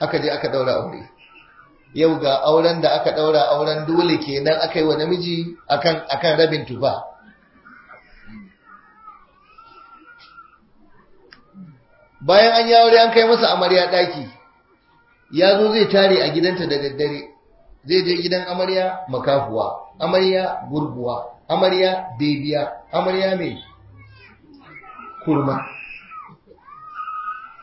aka je aka daura aure yau ga auren da aka daura auren dole nan aka yi wa namiji akan akan rabin tufa bayan an yi aure an kai masa amarya ɗaki ya zo zai tare a gidanta da daddare zai je gidan amarya makafuwa amarya gurguwa amarya bebiya amarya mai kurma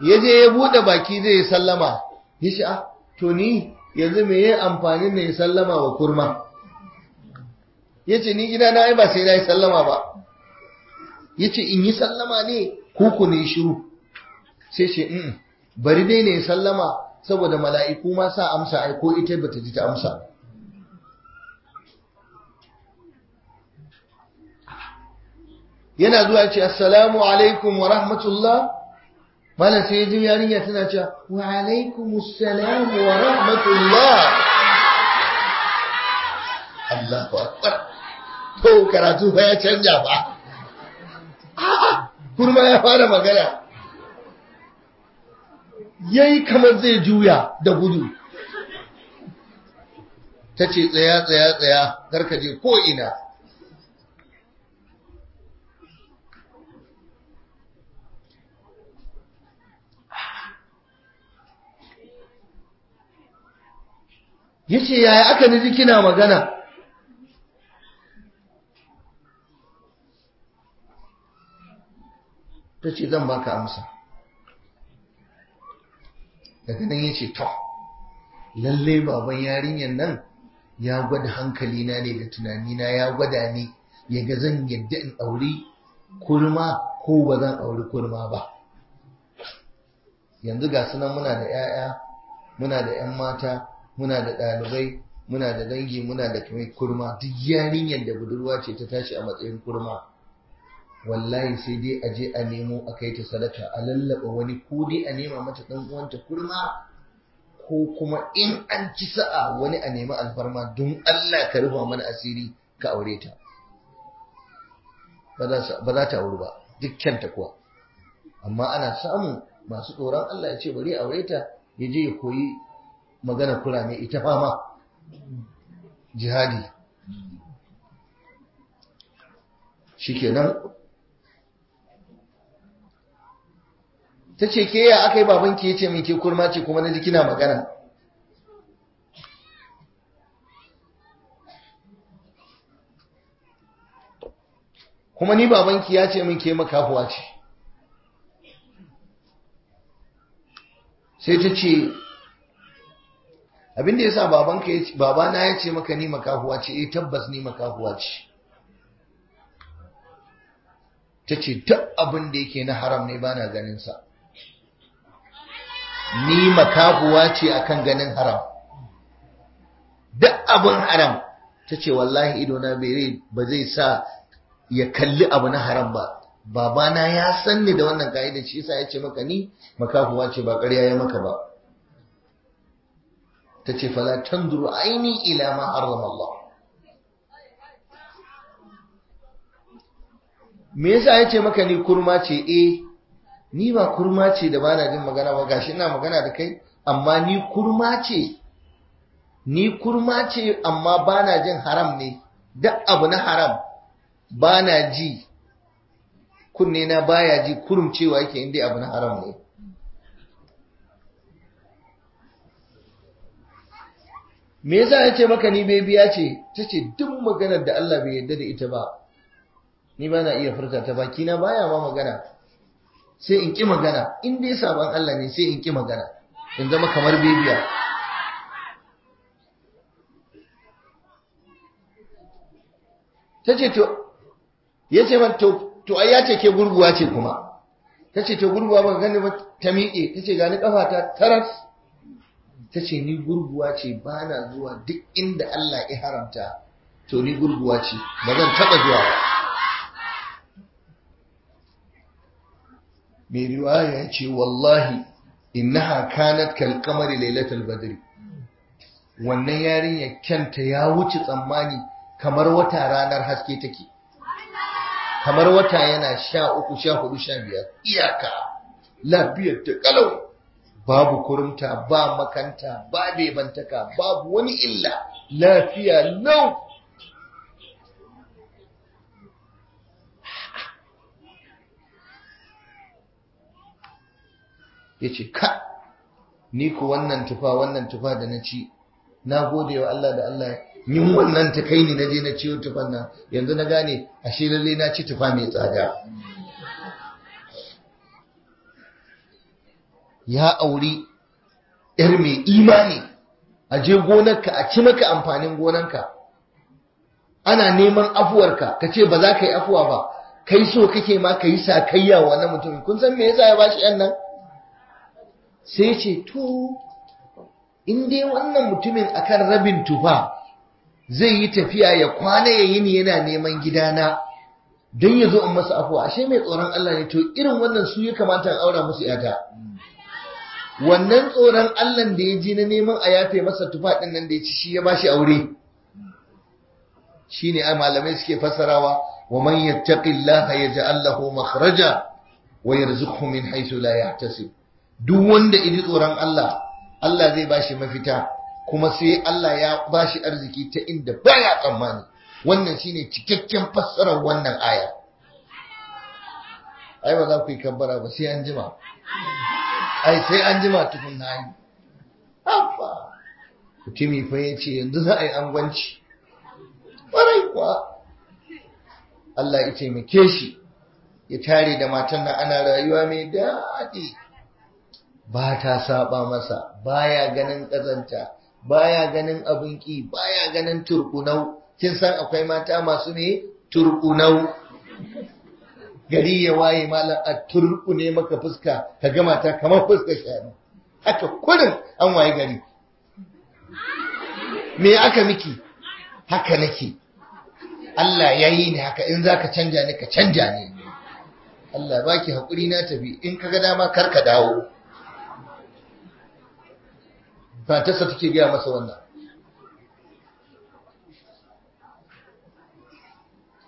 ya je ya buɗe baki zai yi sallama ya ah, to ni yanzu me yi amfani na yi sallama wa kurma ya ce ni gida na ai ba sai na yi sallama ba ya ce in yi sallama ne kuku ne shiru sai ce in mm, bari dai ne sallama saboda mala'iku ma sa amsa ai ko ita ta ji ta amsa yana zuwa ce assalamu alaikum wa rahmatullah malam sai ji yarinya tana cewa wa alaikum salam wa rahmatullah Allahu akbar to karatu baya ya canja ba. kurma ya fara magana yayi kamar zai juya da gudu ta ce tsaya tsaya tsaya karka je ko ina yace yaya aka niji kina magana tace zan baka amsa daga nan ya ce to lalle baban yarinyar nan ya gwada hankali na ne da tunani na ya gwada ni ya ga zan yadda in auri kurma ko ba zan auri kurma ba yanzu ga sunan muna da 'ya'ya muna da 'yan mata muna da ɗalibai muna da dangi muna da kuma kurma duk yarinyar da budurwa ce ta tashi a matsayin kurma wallahi sai dai a je a nemo a kai ta sadaka a lallaba wani ko dai a nema mata dan uwanta kurma ko kuma in an ci sa'a wani a nemi alfarma don Allah ka rufa mana asiri ka aure ta ba za ta aure ba dukkan ta kuwa amma ana samu masu tsoron Allah ya ce bari aure ta ya je ya koyi magana kurame ita fama jihadi shikenan ta ce ke ya aka yi babanki ya ce min ke kurma ce kuma na jikina magana kuma ni babanki ya ce min ke makafuwa ce sai ta ce abinda ya sa babana ya ce maka ni makafuwa ce ya eh, tabbas ni makafuwa ce ta ce duk abin da yake na haram ne ba na ganinsa ni makahuwa ce akan ganin haram duk abin haram ta ce wallahi idona bai ba zai sa ya kalli abu na haram ba babana ya san ni da wannan ka'idar shi yasa ya ce maka ni makahuwa ce ba ƙarya ya maka ba ta ce fala tanzuru aini ila ma harrama Allah me yasa ya ce maka ni kurma ce eh ni ba kurma ce da na jin magana ba gashi ina magana da kai amma ni kurma ce ni kurma ce amma na jin haram ne duk abu na haram ba na ji kunne na baya ji kurum cewa yake inda abu na haram ne me yasa ya ce maka ni bai biya ce ta ce duk maganar da Allah bai yarda da ita ba ni ba na iya furta ta baki na baya ma magana sai in ƙi magana in dai sabon Allah ne sai in ƙi magana in zama kamar bibiya ta ce to ya ce man to ai ya ce ke gurguwa ce kuma ta ce to gurguwa ba gani ba ta miƙe ta ce gani ƙafa ta taras ta ce ni gurguwa ce ba na zuwa duk inda Allah ya haramta to ni gurguwa ce ba zan taɓa zuwa ba mai riwaya ya ce wallahi innaha kanat kal qamari lailatul badri wannan yarinya kyanta ya wuce tsammani kamar wata ranar haske take kamar wata yana sha uku sha iyaka lafiyar ta kalau babu kurumta ba makanta ba bebantaka babu wani illa lafiya lau ya ce ka ni ku wannan tufa wannan tufa da na ci na gode wa Allah da Allah yin wannan ta kai ni na je na ciwo tufan nan yanzu na gane ashe lalle na ci tufa mai tsada ya auri ‘yar mai imani a je gonarka a ci maka amfanin gonarka ana neman afuwarka ka ce ba za ka yi afuwa ba kai so kake ma ka yi sa wa na mutum kun san me yasa ya bashi ‘yan nan sai ce to in dai wannan mutumin akan rabin tufa zai yi tafiya ya kwana ya ni yana neman gidana don ya zo in masa afuwa ashe mai tsoron Allah ne to irin wannan su ya kamata in aura musu yata wannan tsoron Allah da ya ji na neman a yafe masa tufa din nan da ya ci shi ya ba shi aure shine ai malamai suke fassarawa wa man yattaqillaha yaj'al lahu makhraja wa yarzuqhu min haythu la yahtasib duk wanda idi tsoron Allah Allah zai bashi mafita kuma sai Allah ya bashi arziki ta inda baya tsammani wannan shine cikakken fassarar wannan aya ai ba za ku yi kabbara ba sai an jima ai sai an jima tukun na yi mutumi fa ya ce yanzu za a yi angwanci ƙwarai kuwa Allah ya taimake shi ya tare da matan na ana rayuwa mai daɗi ba ta saba masa baya ganin kazanta baya ganin abin ki baya ganin turkunau kin san akwai mata masu ne turkunau gari ya waye malam a turkune maka fuska ka ga mata kamar fuska shanu haka kurin an waye gari me aka miki haka nake Allah ya yi ni haka in zaka canja ni ka canja ne. Allah baki hakuri na tafi in kaga dama kar ka dawo matarsa take gaya masa wannan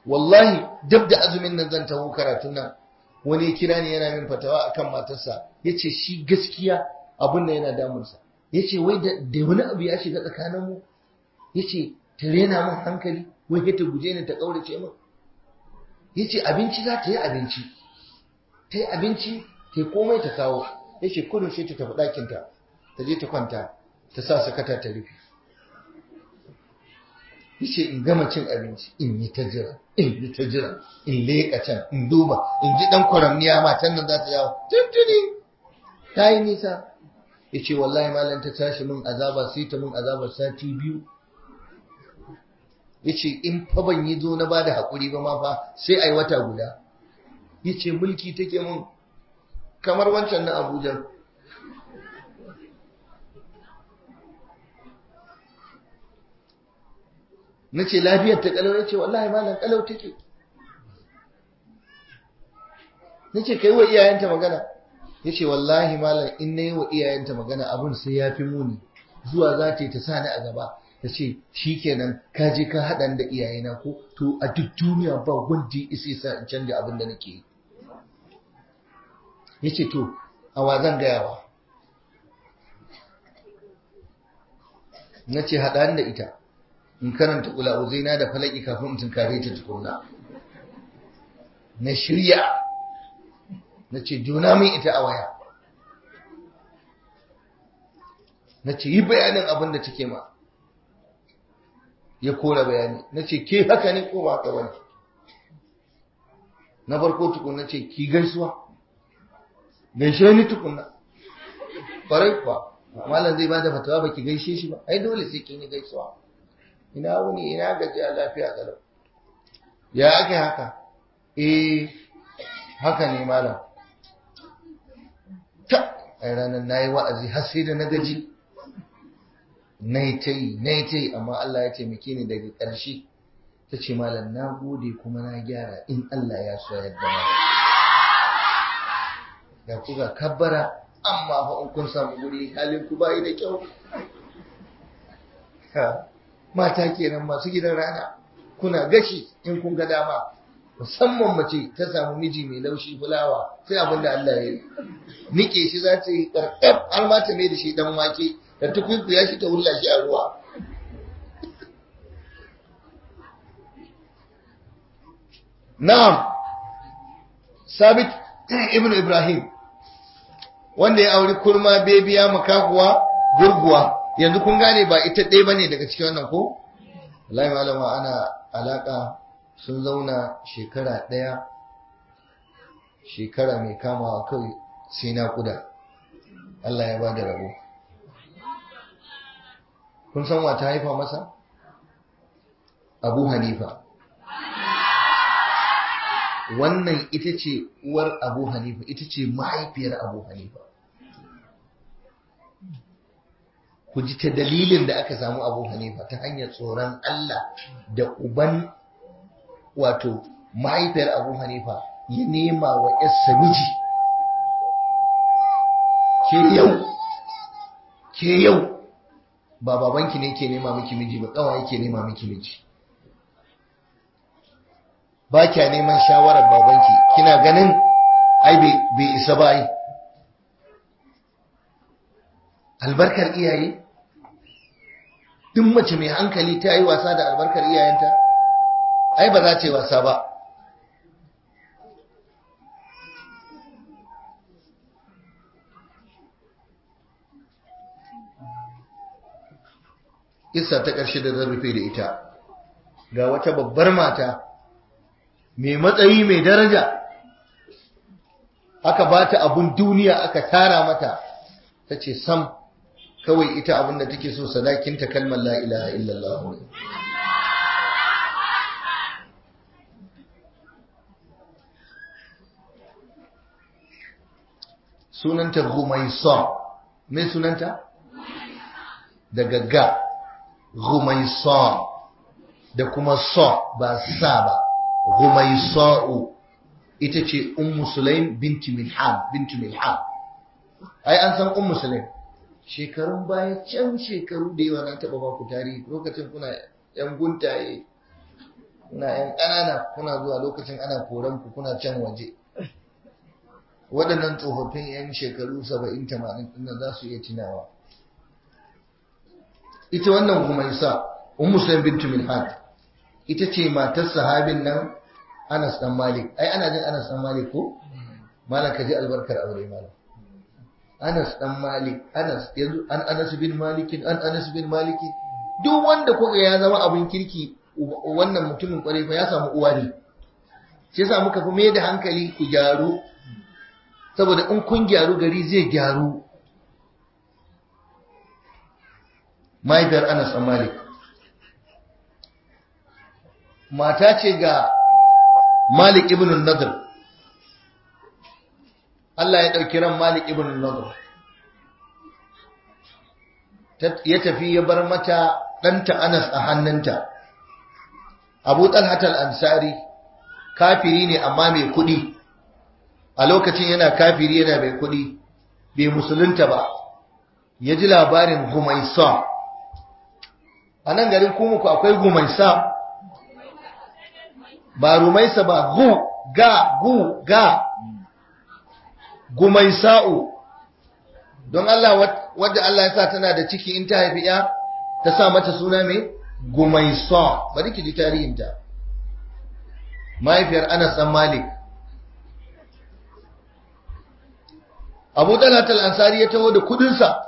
wallahi duk da azumin nan zan taho karatun nan wani kira ne yana min fatawa akan matarsa ya ce shi gaskiya abin da yana damunsa ya ce wai da wani abu ya shiga tsakanin ya ce ta rena min hankali wai ta guje ni ta ƙaurace min ya ce abinci za ta yi abinci ta yi abinci ta komai ta kawo ya ce kudin shi ta tafi ɗakinta ta je ta kwanta ta sa sakata ta rufe ce in gama cin abinci in yi ta jira in yi ta jira in leƙa can in duba in ji dan kwaramniya matan nan za ta yawo tuntuni ta yi nisa ce wallahi malam ta tashi min azaba sai ta min azaba sati biyu Ya ce in fa ban yi zo na ba da haƙuri ba ma fa sai a yi wata guda Ya ce mulki take mun kamar wancan na Abuja na ce lafiyar ta kalau ya ce wallahi malam kalau take na ce kai wa iyayenta magana ya ce wallahi malam in na yi wa iyayenta magana abin sai ya fi muni zuwa za ta yi ta sani a gaba ta ce shi kenan ka je ka haɗan da iyayena ko to a duk duniya ba wanda ya isa sa in canja abin da nake yi ya ce to a wa zan gayawa na ce haɗan da ita in karanta ula'uzaina da falaki kafin mutum kare ta tukuna na shirya na ce juna min ita a waya na ce yi bayanin abin da take ma ya kora bayani na ce ke haka ne ko ba haka wani na farko tukun na ce ki gaisuwa gaishe ni tukun na farai kuwa malam zai ba da fatawa ba ki gaishe shi ba ai dole sai kin yi gaisuwa ina wuni ina gajiya lafiya galau ya ake haka eh haka ne malam ta A ranar na yi wa'azi har sai da na gaji Na yi ta yi na yi ta yi amma Allah ya taimake ni daga ƙarshe ta ce malam na gode kuma na gyara in Allah ya so yadda ma da kuka kabbara amma fa kun samu guri halin ku bayi da kyau mata kenan masu gidan rana kuna gashi in kun ga dama musamman mace ta samu miji mai laushi fulawa sai abin da Allah ya yi nike shi za ta yi karkar har ma ta mai da shi dan wake da tukuku ya shi ta wulla shi a ruwa na'am sabit ibn ibrahim wanda ya auri kurma bebiya makakuwa gurguwa yanzu kun gane ba ita ɗaya bane daga cikin wannan ko wallahi malama ana alaƙa sun zauna shekara ɗaya shekara mai kama kamawa kai sai na kuda Allah ya bada rabo kun san wa ta haifa masa Abu Hanifa wannan ita ce uwar Abu Hanifa ita ce mahaifiyar Abu Hanifa ku ji ta dalilin da aka samu abu hanifa ta hanyar tsoron Allah da uban wato mahaifiyar abu hanifa ya nema wa yarsa miji ke yau ke yau ba babanki ne ke nema miki miji ba kawai ke nema miki miji ba kya neman shawarar babanki kina ganin ai bai isa ba ai albarkar iyaye duk mace mai hankali ta yi wasa da albarkar iyayenta ai ba za ce wasa ba Isa ta ƙarshe da zan da ita ga wata babbar mata mai matsayi mai daraja aka ba ta abun duniya aka tara mata ta ce sam kawai ita abin da take so sadakinta kalmar la ilaha illallah sunanta Ghumaisa me sunanta daga ga Ghumaisa da kuma sa ba sa ba Ghumaisa'u ita ce Ummu Sulaim binti Milhan binti Milhan ai an san Ummu Sulaim shekarun baya can shekaru da yawa na taɓa baku tarihi lokacin kuna ‘yan guntaye kuna ‘yan ƙanana kuna zuwa lokacin ana koran ku kuna can waje waɗannan tsofaffin ‘yan shekaru saba'in tamanin ɗin za su iya tunawa ita wannan kuma isa ummu sayyid bintu milhad ita ce matar sahabin nan Anas dan Malik ai ana jin Anas dan Malik ko mm. malaka ji albarkar aure malik Anas dan Malik Anas yanzu an Anas bin Malikin an Anas bin Malikin duk wanda kuka ya zama abin kirki wannan mutumin kwarai fa ya samu uwa ne sai sa muka fi mai da hankali ku gyaru saboda in kun gyaru gari zai gyaru maidar Anas dan Malik mata ce ga Malik ibn Nadr Allah ya ɗauki ran Malik ibn Nadar. ya tafi ya bar mata ɗanta Anas a hannunta Abu Talhat ansari kafiri ne amma mai kuɗi a lokacin yana kafiri yana mai kuɗi bai musulunta ba ya ji labarin Gumaisa a nan garin kumuku akwai Gumaisa ba Rumaisa ba gu ga gu ga gumaisa'u don Allah wadda Allah ya sa tana da ciki in ta haifi ya ta sa mata suna mai gumaisa bari ki ji tarihinta mahaifiyar Anas san Malik Abu Talat ansari ya taho da kudinsa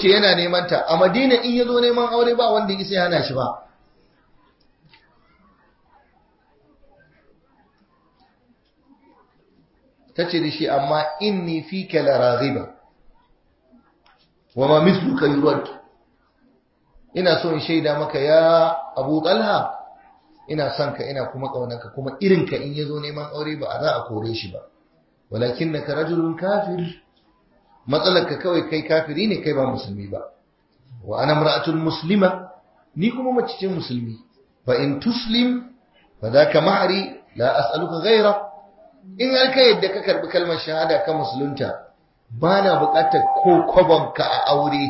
ce yana neman ta a Madina in ya zo neman aure ba wanda isa ya hana shi ba ta ce da shi amma inni fi kala raghiba wa ma misluka yurad ina so in shaida maka ya Abu Talha ina son ka ina kuma kaunanka kuma irinka in yazo neman aure ba a za a kore shi ba walakinnaka rajulun kafir matsalarka kawai kai kafiri ne kai ba musulmi ba wa ana mar'atul muslima ni kuma mace musulmi Ba in tuslim fa ka mahari la as'aluka gaira. in har ka yadda ka karbi kalmar shahada ka musulunta ba na bukatar ko kwabonka a aure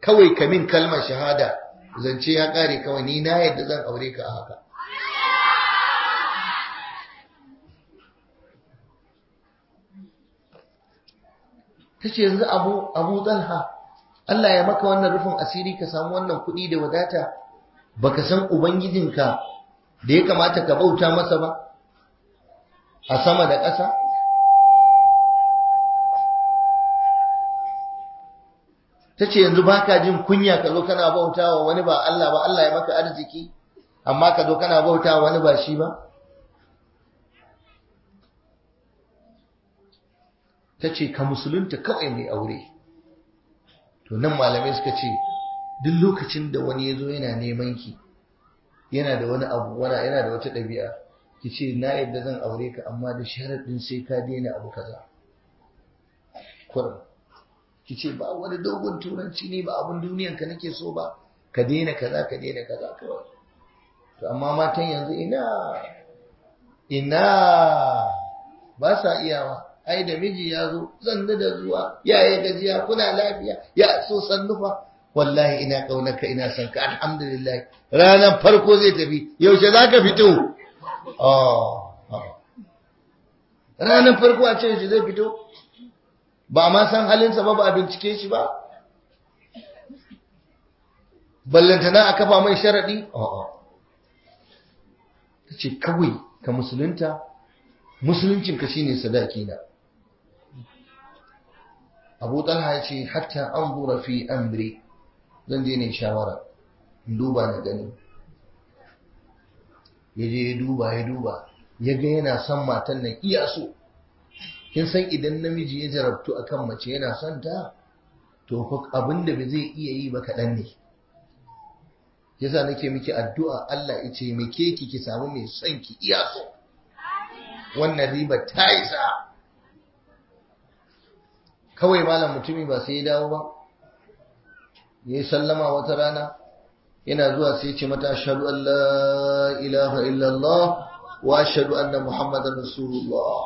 kawai ka min kalmar shahada zance ya kare kawai ni na yadda zan aure ka a haka ta ce yanzu abu abu talha Allah ya maka wannan rufin asiri ka samu wannan kuɗi da wadata baka san ubangijinka da ya kamata ka bauta masa ba a sama da ƙasa ta ce yanzu ba ka jin kunya ka zo kana bautawa wani ba Allah ba Allah ya maka arziki amma ka zo kana bautawa wani ba shi ba ta ce ka musulunta kawai mai aure to nan malamai suka ce duk lokacin da wani ya zo yana neman ki yana da wani abu yana da wata ɗabi'a ki ce na yadda zan aure ka amma da sharaɗin sai ka daina abu kaza kurin ki ce ba wani dogon turanci ne ba abin duniyan ka nake so ba ka daina kaza ka daina kaza kawai to amma matan yanzu ina ina ba sa iyawa ai da miji ya zo zan da zuwa ya yi gajiya kuna lafiya ya so sannufa wallahi ina kaunarka ina son ka alhamdulillah ranar farko zai tafi yaushe za ka fito Oh, oh. ranar farko a ce zai fito ba ma san halinsa ba ba bincike shi ba ballantana a kafa mai sharaɗi oh, ta ce kawai ka musulunta musuluncinka shi ne sadaki na abu talha ya ce hatta an fi amri zan je ne shawara duba na gani ya je ya duba ya duba ya ga yana son matan nan iya so kin san idan namiji ya jarabtu akan mace yana son ta to abin da ba zai iya yi ba kaɗan ne yasa nake miki addu'a Allah ya taimake ki ki samu mai son ki iya so wannan riba ta isa kawai malam mutumi ba sai ya dawo ba ya yi sallama wata rana yana zuwa sai ce mata ashhadu an ilaha illallah wa ashhadu anna muhammadan rasulullah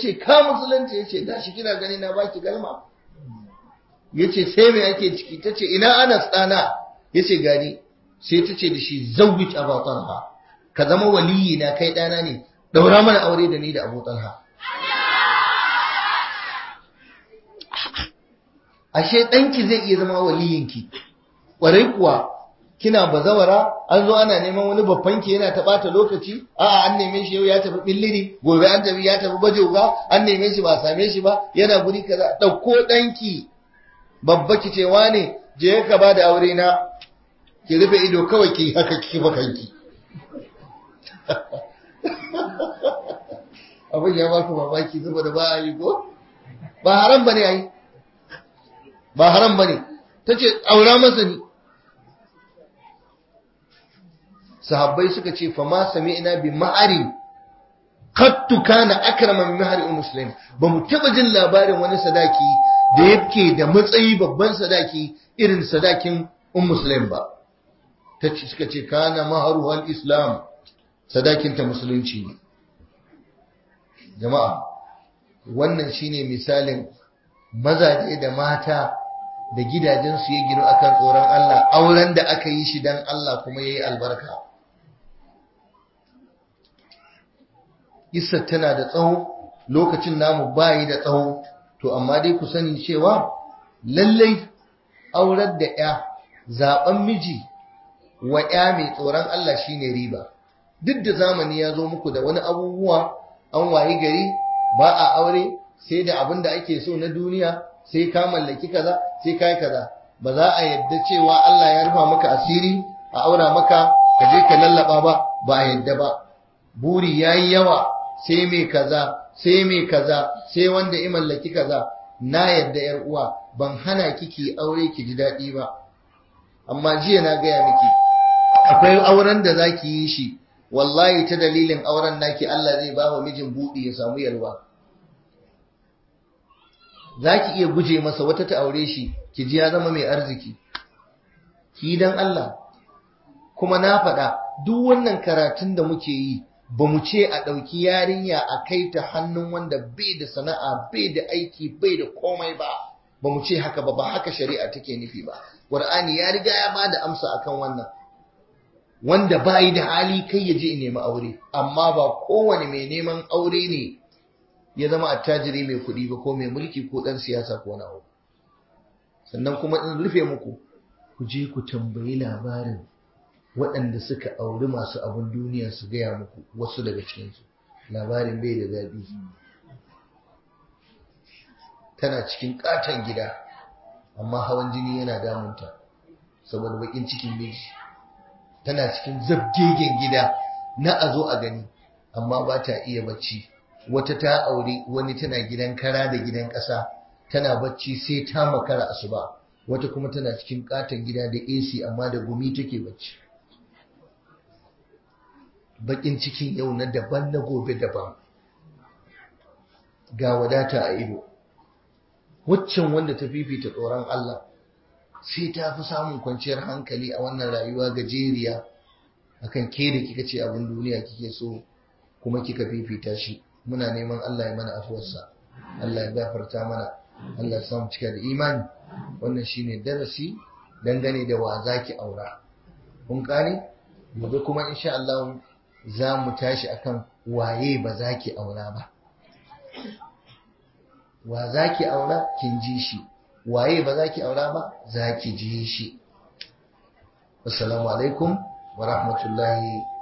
ce ka musulunci ya da shi kina gani na baki galma Ya ce sai me ake ciki Ta ce ina Anas Ya ce gani sai ta ce da shi zawwij abatarha ka zama waliyi na kai ɗana ne daura mana aure da ni da Abu Talha ashe ɗanki zai iya zama waliyinki ƙwarai kuwa kina bazawara an zo ana neman wani babban ki yana ta ɓata lokaci a'a an neme shi yau ya tafi billiri gobe an tafi ya tafi bajoga an neme shi ba same shi ba yana guri kaza Ɗauko ɗanki, babba ki ce wane je ka ba da aure na ki rufe ido kawai ki haka ki ba kanki abin ya ba ku mamaki saboda ba a yi ko ba haram ba a yi ba haram bane tace aura masa ni sahabbai suka ce fa ma sami'na bi ma'ari tu kana akrama min muslim ba mu taba jin labarin wani sadaki da yake da matsayi babban sadaki irin sadakin um muslim ba tace suka ce kana maharu al islam sadakin ta musulunci ne jama'a wannan shine misalin mazaje da mata da gidajensu ya ginu akan tsoron Allah auren da aka yi shi dan Allah kuma yayi albarka Isar tana da tsawo lokacin namu bayi da tsawo to amma dai ku sani cewa lallai aurar da ya zaben miji wa ya mai tsoron Allah shine riba duk da zamani ya zo muku da wani abubuwa an wayi gari ba a aure sai da abin da ake so na duniya sai ka mallaki kaza sai kai kaza ba za a yadda cewa Allah ya rufa maka asiri a aura maka ka je ka lallaba ba ba a yadda ba buri yayi yawa sai mai kaza sai mai kaza sai wanda ya mallaki kaza na yadda yar uwa ban hana kiki aure ki ji daɗi ba amma jiya na gaya miki akwai auren da zaki yi shi wallahi ta dalilin auren naki Allah zai ba wa mijin buɗi ya samu yalwa za ki iya guje masa wata ta aure shi ki ji ya zama mai arziki ki dan Allah kuma na faɗa duk wannan karatun da muke yi ba mu ce a ɗauki yarinya a kai ta hannun wanda bai da sana'a bai da aiki bai da komai ba ba mu ce haka ba ba haka shari'a take nufi ba Qur'ani ya riga ya ba da amsa akan wannan wanda yi da hali kai ya je nemi aure amma ba kowane mai neman aure ne ya zama attajiri mai kuɗi ba ko mai mulki ko ɗan siyasa ko na abu sannan kuma in rufe muku ku je ku tambayi labarin waɗanda suka auri masu abin duniya su gaya muku wasu daga cikinsu labarin bai da zaɓi tana cikin ƙaton gida amma hawan jini yana damunta saboda bakin cikin miji tana cikin zabgegen gida na a zo a gani amma ba ta iya bacci wata ta aure wani tana gidan kara da gidan ƙasa tana bacci sai ta makara asuba wata kuma tana cikin katon gida da AC amma da gumi take bacci bakin cikin yau na daban na gobe daban ga wadata a ido waccan wanda ta fifita tsoron Allah sai ta fi samun kwanciyar hankali a wannan rayuwa gajeriya akan ke da kika ce abin duniya kike so kuma kika fifita shi muna neman Allah ya mana afuwarsa Allah ya gafarta mana Allah ya cika da imani wannan shine darasi dangane da wa zaki aura kun kare gobe kuma insha Allah za mu tashi akan waye ba zaki aura ba wa zaki aura kin ji shi waye ba zaki aura ba zaki ji shi assalamu alaikum wa rahmatullahi